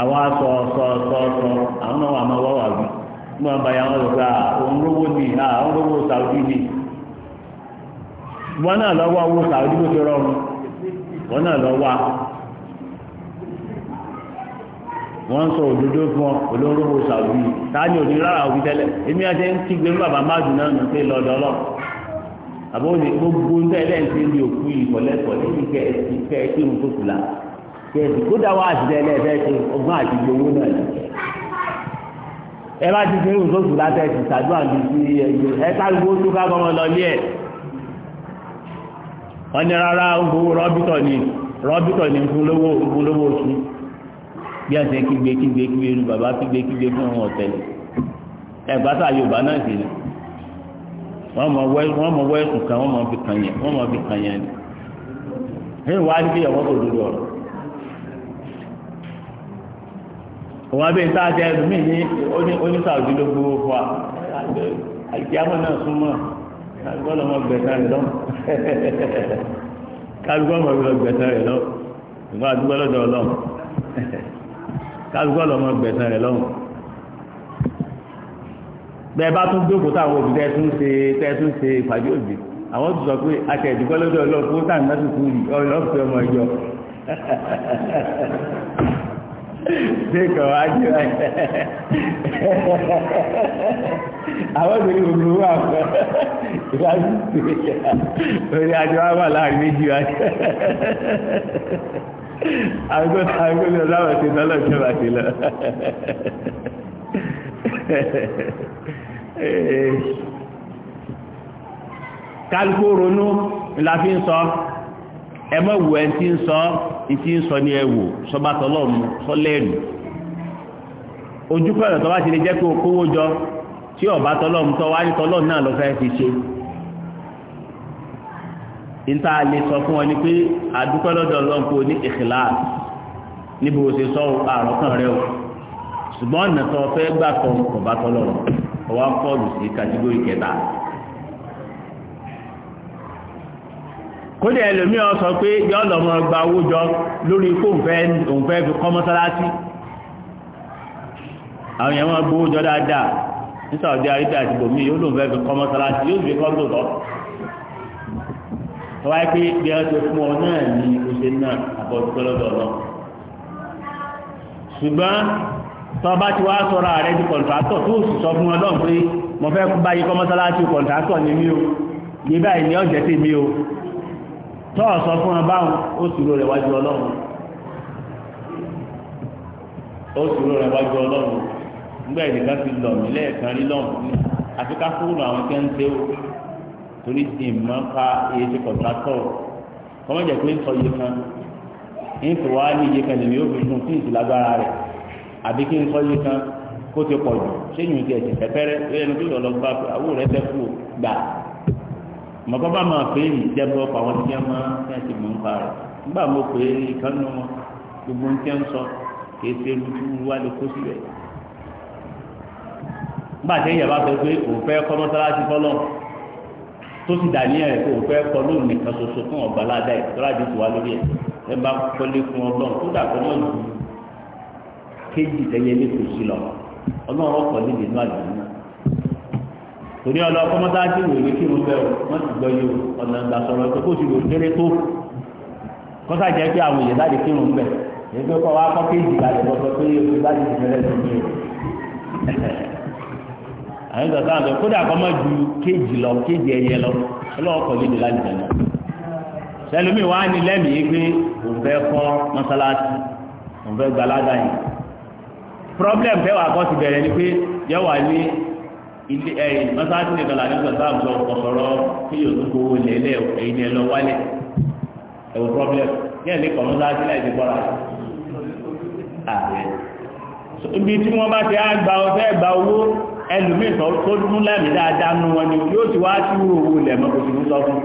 àwọn aṣọ ọ̀sọ̀ ọ̀sọ̀ ọ̀sọ̀ àwọn náà wà wá wà wọn lọ́gbà òun ní ní wọn náà lọ́wọ́ owó Saudi ló ti rọrùn wọn náà lọ́wọ́ ń sọ òdodo fún ọ olórówó Saudi táyà òní rárá òbí tẹ́lẹ̀ èmi àti ń kígbe ní bàbá máàdùn náà nù pé lọ́dọ̀ lọ àbọ̀ òní gbogbo ń tẹ́lẹ̀ ń kẹsì kódà wá àṣìṣe ẹlẹ́ẹ̀fẹ́ ṣe ọgbọ́n àti gbowó náà ni ẹ bá ti fẹ́ràn sóṣù láti ẹ̀sìn ṣàdúrà ní sí ẹgbẹ́ eh, ẹ káàgbó tó ká kọ́ ọmọ lọ ní ẹ̀ wọ́n ní rárá ń gbowó rọ́bìtọ̀ ni rọ́bìtọ̀ ni ń fún lówó ń fún lówó oṣù bí a ṣe kígbe kígbe kígbe nu bàbá kígbe kígbe fún ọmọ ọ̀tẹ̀lẹ̀ ẹ̀gbátà Yorùbá náà sì ni wọ́n mọ wẹ́sùn kan wọ́n mọ fi kàn yẹn wọ́n mọ fi kàn yẹn ni ẹ̀ wá ní kí ìyàwó kò dúró ọ̀rọ̀ òun abẹ́ ìta àti ẹlòmíì ní oníṣàwùjí ló gbowó fún wa àìkíyàmọ́ náà súnmọ́ kálukọ́ lọ́mọ gbẹ̀sán rẹ̀ lọ kálukọ́ lọ́mọ gbẹ̀sán rẹ̀ lọ ìgbà àdúgbò lọ́dọ̀ ọlọ́run kálukọ́ lọ́mọ gbẹ̀sán rẹ̀ lọ́run bẹ́ẹ̀ bá tún jókòó táwọn òbí tẹ́tún ṣe tẹ́tún ṣe ìpàdé òbí àwọn tó sọ pé akẹ́ẹ̀dúgbọ́ lọ́dọ̀ ọlọ́run táwọn náà sì kú rí ọlọ́run ọmọ ìjọ déèkọ̀ wájú rẹ̀ àwọn ìgbèrè gbogbo wà fẹ́ ìlàjúgbé orí àjọ wà láàrin méjì wájú àgbẹ̀gbẹ̀ ọ̀dáwọ̀ ti lọ́lọ́ ìjọba ti lọ kálukó ronú la ẹ mọ̀ wù ẹ ti ń sọ ti ń sọ ní ẹ wò sọba tọlọ́mù sọlẹ́ẹ̀nù ojú pẹ̀lú tọ́ba ti lè jẹ́ kó kówó jọ tí ọba tọlọ́mù tọ́ wá ní tọlọ́mù náà lọ fẹ́ fi ṣe níta lè sọ fún ọ ní pé àdúpẹ́ lọ́dọ̀ ọlọ́mù ní ìkìláàsì níbo ṣe sọ àròkàn rẹ o ṣùgbọ́n ọ̀nà tó fẹ́ gbà tọ̀ ọba tọlọ́mù ọwọ́ pọ̀lù sí kàtígórì kẹta kódà ẹlòmíì ọ sọ pé yọ lọmọ gba owó jọ lórí ikú òun fẹ́ fi kọ́ mọ́sálásí àwọn yẹn wọn gbowó jọ dáadáa ní sàwọ́dí arídà àti bòmí yóò lòun fẹ́ fi kọ́ mọ́sálásí yóò fi kọ́ lòtọ́ tọ́wá pé bí wọ́n ti fún ọ náà ní oṣù náà àbọ̀ tọ́lọ́dọ̀ náà ṣùgbọ́n tọba ti wá sọ́ra rẹ̀ di kọ̀ǹtàtọ̀ tó sì sọ fún ọlọ́run pé mo fẹ́ báyìí kọ́ mọ́sálásí kọ̀ǹtàtọ̀ ni mí o yé báyìí ni ọ̀jẹ̀ sí mi o tọ́ sọ fún ẹ báwọn ó sùúrù rẹ̀ wájú ọlọ́run ó sùúrù rẹ̀ wájú ọlọ́run nígbà ìdíkan ti lọ mí lẹ́ẹ̀kan rí lọ́hùn ní àfi ká fóònù àwọn tẹ́ ń tẹ́ torí mọ́ kan ń sọ wá ní iye kan lèmi ó fi fún rẹ̀ àbí kí ń sọ iye kan kó ti pọ̀ jù ṣé ti tó mọ̀kọ́ bá máa pè é ní ìjẹ́bọ́ ọkọ̀ tí wọ́n máa ń tẹ̀sí mọ̀ ń pa rẹ̀ nígbà mo pè é ní ìkànnì wọn gbogbo ń tẹ́ ń sọ kì í ṣe irú tí wọ́n wá lè kó síbẹ̀. nígbà tí ìyá bá sọ pé òun fẹ́ kọ́ mọ́sálásí fọ́lọ́ tó sì dà ní ẹ̀rẹ̀ pé òun fẹ́ kọ́ lóun nìkan ṣoṣo fún ọ̀gbà ládàá ẹ̀ tó láti tù wá lórí ẹ̀ ẹ bá kọ́lé fún ọlọ́run tó dàgbọ́ náà ju kéjì tẹ́yẹ lé sí lọ ọlọ́run torí ọlọ kọmọdájú ìwé kí wọn bẹ ọ wọn ti gbọ́ yìí ọ̀nà ìgbà sọ̀rọ̀ tó kó sì lò kéré tó kọ́sà jẹ́ pé àwọn èèyàn láti kírun bẹ̀ ẹgbẹ́ kọ́ wa kọ́ kéjì kalẹ̀ bọ́ sọ pé oṣù láti ìfẹ́lẹ́ tó ní o. àwọn ìgbà sáà sọ kódà kọ́ mọ́ ju kéjì lọ kéjì ẹyẹ lọ ọlọ́wọ́ kọ́ lédè láti bẹ̀ náà. sẹlẹ̀mí wa ni lẹ́mìí pé òun fẹ́ kọ́ mọ́sálásí òun fẹ́ gbalága yìí. problem fẹ́ wà kọ́ ti bẹ̀rẹ̀ ni pé yẹ wà ní ilé ẹyìn eh, mọ́sáájú nìkan làní sọ sáà sọ ọ̀sọ̀rọ̀ kí yóò tún gbowó lélẹ̀ ẹ̀yìn lọ ẹ̀wọ̀ problem ní ẹ̀lẹ́ kọ̀ mọ́sáájú láì ti bọ́ra ibi tí wọ́n bá ti á gba ọ̀fẹ́ gba owó ẹlòmíì tó dúnú lẹ́mìí dáadáa wọn ni yóò ti wá sí owó lẹ̀ mọ́ kò sì ń sọ fún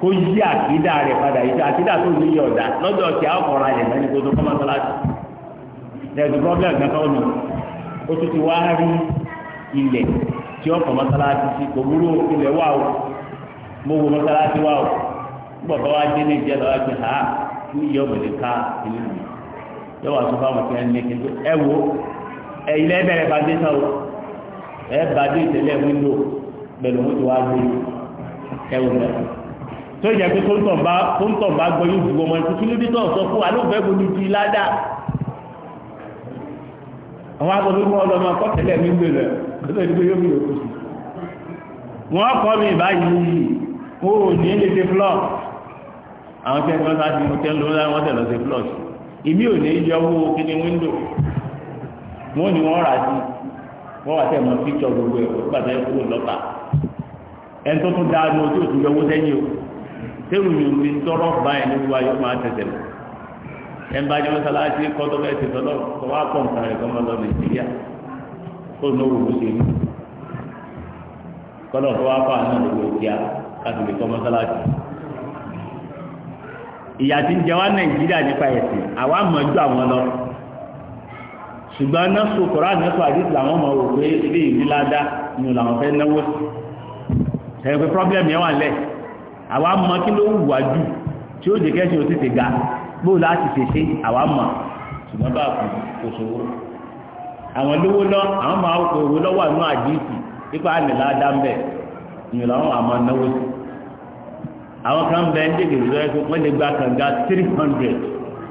kó yí àkídà rẹ̀ padà yìí àkídà tó ní ilẹ̀ tí wọ́n kọ́ mọ́sálásí sí kò wúlò ilẹ̀ wà o mo mọ́sálásí wà o nígbà bá wá dé ní ìjẹ́ lọ́wọ́ pé ha ní ìyá òmìnir ká ilé mi yóò wá sọ fáwọn kí wọ́n ní kí ẹ wo ẹ ilẹ̀ bẹ̀rẹ̀ ẹ ìtẹ̀lẹ̀ wíńdò wá ẹ wò tó pé tó ń tọ̀ bá gbọ́ yóò dùgbọ́ àwọn agbègbè wọn lọ́mọ ọkọ̀ tẹ́lẹ̀ mi gbé rẹ̀ lọ́sọ̀ ìdígbé yóò mi ò kò sí wọ́n kọ́ mi báyìí ó ní lè ṣe flọ́ọ̀ àwọn tẹ́ wọ́n sáà ti mú tẹ́ lóra wọ́n tẹ̀ lọ ṣe flọ́ọ̀ sí ìmí ò ní yọ owó kíni wíńdò wọ́n ní wọ́n rà sí wọ́n wà tẹ̀ mọ́ píkṣọ̀ gbogbo ẹ̀ wọ́n gbàtẹ́ kúrò lọ́ta ẹni o tẹ́rù mi ò ní tọ́rọ̀ báyìí ní wíwá yóò máa ẹnba jẹ́ mọ́sálásí kọ́tọ́ bẹ́ẹ̀ ti sọ́dọ̀ kọ́ wá pọ̀ nǹkan rẹ̀ kọ́mọ lọ nàìjíríà kó ní owó ló ṣe ní kọ́dọ̀ kọ́ wá pọ̀ àná lówó kíá láti lè kọ́ mọ́sálásí. ìyà tí ń jẹ wá nàìjíríà nípa ẹ̀sìn àwa mọ̀ ju àwọn lọ ṣùgbọ́n nọ́ọ̀sù kọ́ra nọ́ọ̀sù àdìsí làwọn mọ̀ wò pé ilé ìlú ládá ni làwọn fẹ́ náwó sí pé problem yẹn wà lẹ̀ àwa mọ̀ kí ló wù wá jù tí ó jẹ́ kẹ́sì ó sì ti ga bó láti fèsè àwa mọ̀ ṣùgbọ́n bá kù kò sówó àwọn lówó lọ àwọn máa ń kó owó lọ́wọ́ àánú àdìsí nípa àmìlá dáńbẹ̀ ìyọ̀lá àwọn àmọ́ náwó sí àwọn kan bẹ ń dèbè lọ́wọ́ ẹ̀kọ́ wọ́n lè gba kànga three hundred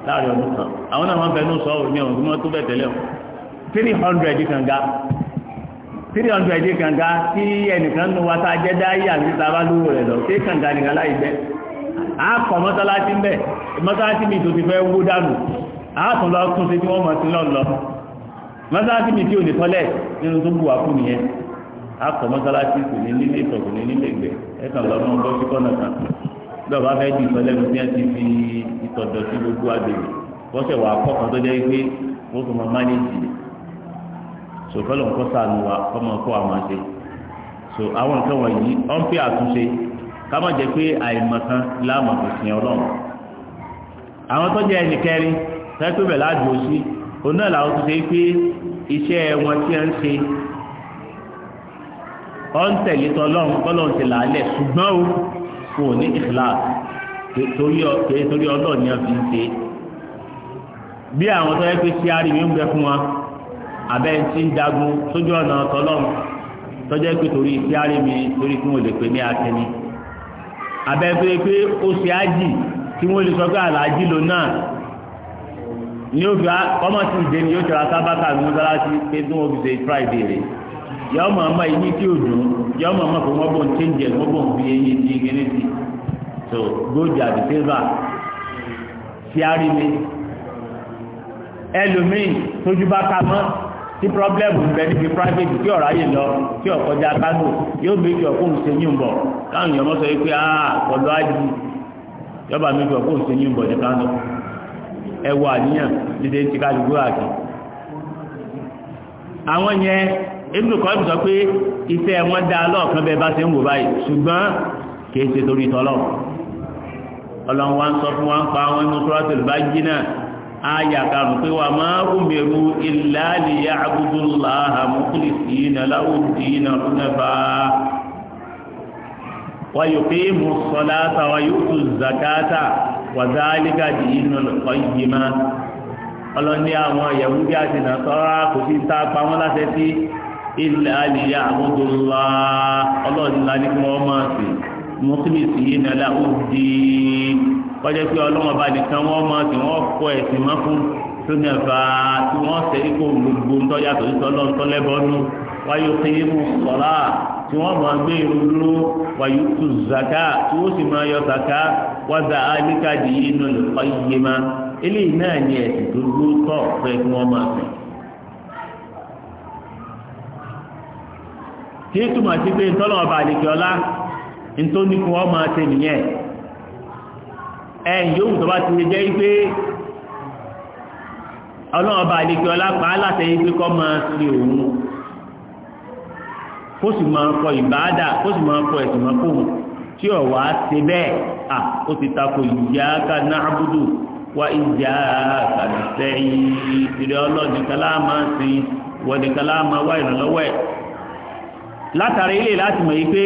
láàrin ọdún kan àwọn náà wọ́n fẹnu sọ òní ọ̀hún tó bẹ̀ tẹ́lẹ̀ three hundred kànga three hundred kànga tí ẹnìkan nu wa tá a jẹ́ dá yà ní sábà lówó rẹ̀ lọ sí kànga nìkan láì bẹ́ẹ̀ àkọ̀ mọ́sálásí ń bẹ̀ mọ́sálásí mi tó ti fẹ́ wó dànù àtún lọ tún sí tí wọ́n mọ̀ sí lọ́n lọ mọ́sálásí mi tí ò ní tọ́lẹ̀ nínú tó bùwà fún nìyẹn àkọ̀ mọ́sálásí kò ní nílé ìtọ̀ kò ní nílé ìgbẹ́ ẹ̀kan lọ mọ́ bọ́ sí kọ́nà kan lọ́ba fẹ́ di ìtọ́lẹ́nu tí wọ́n ti fi ìtọ̀dọ̀ sí gbogbo àgbègbè wọ́n sẹ̀ wà kọ́ kan tó jẹ́ pé wọ́n fi mọ mánéjì sòfẹ́lọ́n kọ́ sànù wa kọ́ mọ́ kọ́ àwọn àṣe so àwọn nǹkan wọ̀nyí ọ́n pé àtúnṣe Kama jẹ́ pé àìmọ̀kan láàmọ̀ kò sìn ọlọ́run àwọn tó jẹ́ ẹni kẹrin tẹ́tù bẹ̀ láàjò sí òun náà làwọn tó ṣe pé iṣẹ́ wọn tí ń ṣe ọ ń tẹ̀lé tọlọ́run tọlọ́run ti làálẹ̀ ṣùgbọ́n o kò ní ìkìláàsì torí ọlọ́run ni wọ́n fi ń ṣe bí àwọn tó yẹ pé tí a ń bẹ fún wa abẹ́ ti ń dagun sójú ọ̀nà tọlọ́run tọ́jẹ́ pé torí tí a torí fún olè pé ní akẹ́ni abẹ́gbẹ́ pé ó ṣe ájì tí wọ́n lè sọ pé àlàájì lò náà ní òbí kọ́mọ̀tì ìdè ni yóò tẹ̀ra sábàkà ní mọ́sálásí pé tí wọ́n fi ṣe friday rẹ̀ yọ ọmọ ọmọ yìí ní kí o dùn yọ ọmọ ọmọ pé wọ́n bọ̀ ń change ẹ̀ wọ́n bọ̀ ń fi eyín ti gẹ́gẹ́ sí so gold àti silver ṣe mi ẹlòmíì tójú bá ka mọ́ tí pọ́blẹ́mù ń bẹ níbi private tí ọ̀rọ̀ ayé lọ tí ọ̀kọjá kágò yóò gbé kí ọ̀kún ṣe yín bọ̀ káwọn èèyàn sọ pé àkọlọ́ ah, ájì yọba mi fi ọ̀kún ṣe yín bọ̀ ní kánò ẹwọ àníyàn dídé ti ká lùgbò àti. àwọn yẹn inú kan sọ pé iṣẹ́ wọn dá lọ́ọ̀kan bẹ́ẹ̀ bá ṣe ń wò báyìí ṣùgbọ́n kì í ṣe torí tọ́lọ́ ọlọ́run wa ń sọ fún wa ń pa àwọn inú kúrọ́tì ayà karùn pé wà máa umiru illa liya'budullaha mukhlisina lahu-d-dina hunafa wa yuqimu s-salata wa yu'tu z-zakata wa dhalika dinul qayyima ọlọ́ni àwọn ìyàwó bí a ti nà sọ́ra kò sí ta pa wọ́n láṣẹ sí illa liya'budullaha ní kí wọ́n máa sìn mọ́kìlì sí yìí nàlá ó di kọjá pé ọlọ́wọ́n bá nìkan wọ́n mọ̀ tí wọ́n kọ ẹ̀sìn mọ́ fún tó ní ẹ̀fà tí wọ́n sẹ́yìn kó gbogbo ńtọ́yàtọ̀ ìtọ́lọ́ ńtọ́lẹ́bọ́nú wáyé pé mú sọ̀lá tí wọ́n máa gbé irun dúró wáyé tu zaka tí ó sì máa yọ zaka wáza alíkà di inú lọ́kọ́ iye ma eléyìí náà ni ẹ̀sìn tó dúró tọ̀ pé kí wọ́n máa fẹ̀. kí túmọ̀ sí pé tọ́lọ́ ọba ọlá nítorí kí wọ́n máa ṣe nìyẹn ẹ̀yìn yóò tó bá ti ṣe jẹ́ pé ọlọ́run bá àlejò ọlápàá láti ẹ̀yìn pé kọ́ máa ṣe òun kó sì máa kọ ìbáàdà kó sì máa kọ ẹ̀sìn máa kóhùn tí ọ̀ wá ṣe bẹ́ẹ̀ à ó ti tako iyyaka na'budu wa iyyaka nasta'in ìrẹ́ ọlọ́ọ̀dì kálámà sí wọ̀dì kálámà wá ìrànlọ́wọ́ ẹ̀ látàrí ilé láti mọ̀ yìí pé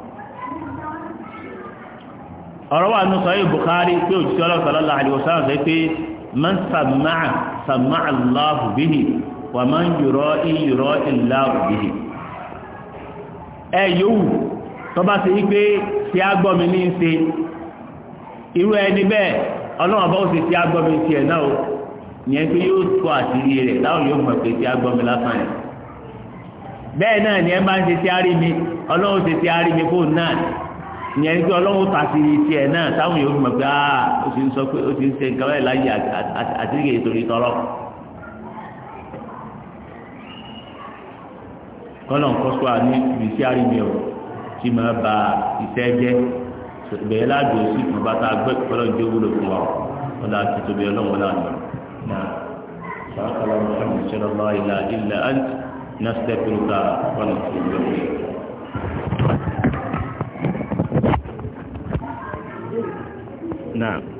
ọ̀rọ̀ wà nù sọ́yìn Bukhari pé òjijì ọlọ́sọ̀lọ́lá àdìwọ̀sán sọ pé man sàmáà sàmáà Allahu bihi wà máa ń yòrọ ìyòrọ ìlà òbí ẹ yòówù tó bá ṣe wípé tí a gbọ́ mi ní í ṣe irú ẹni bẹ́ẹ̀ ọlọ́run bá ó ṣe tí a gbọ́ mi tiẹ̀ náà o ìyẹn pé yóò tó àṣírí rẹ̀ láwọn yóò mọ̀ pé tí a gbọ́ mi lásán yẹn bẹ́ẹ̀ náà ni ẹ máa ń ṣe tí a rí mi ọlọ́run ṣe tí a rí mi fóun náà ìyẹn ní pé ọlọ́run ta sí tiẹ̀ náà táwọn yòókù mọ̀ pé áà ah, ó ti ń sọ pé ó ti ń ṣe nǹkan báyìí láyé àti ìgbè torí tọrọ. kọ́nà kọ́sọ́ àní ìbísí àríwẹ̀ ọ̀ tí máa ba iṣẹ́ jẹ́ bẹ̀rẹ̀ láàbò sí ìfúnba tá a gbẹ́ kọ́lọ́ jẹ́ wúlò fún wa ọ̀la àti tóbi ọlọ́run láàánú. sàkàlà mọ̀ṣẹ́ mọ̀ṣẹ́ lọ́wọ́ ilà ilà àti nàṣẹ́ kúrúkà kọ́nà tó ń bẹ̀rẹ̀. náà.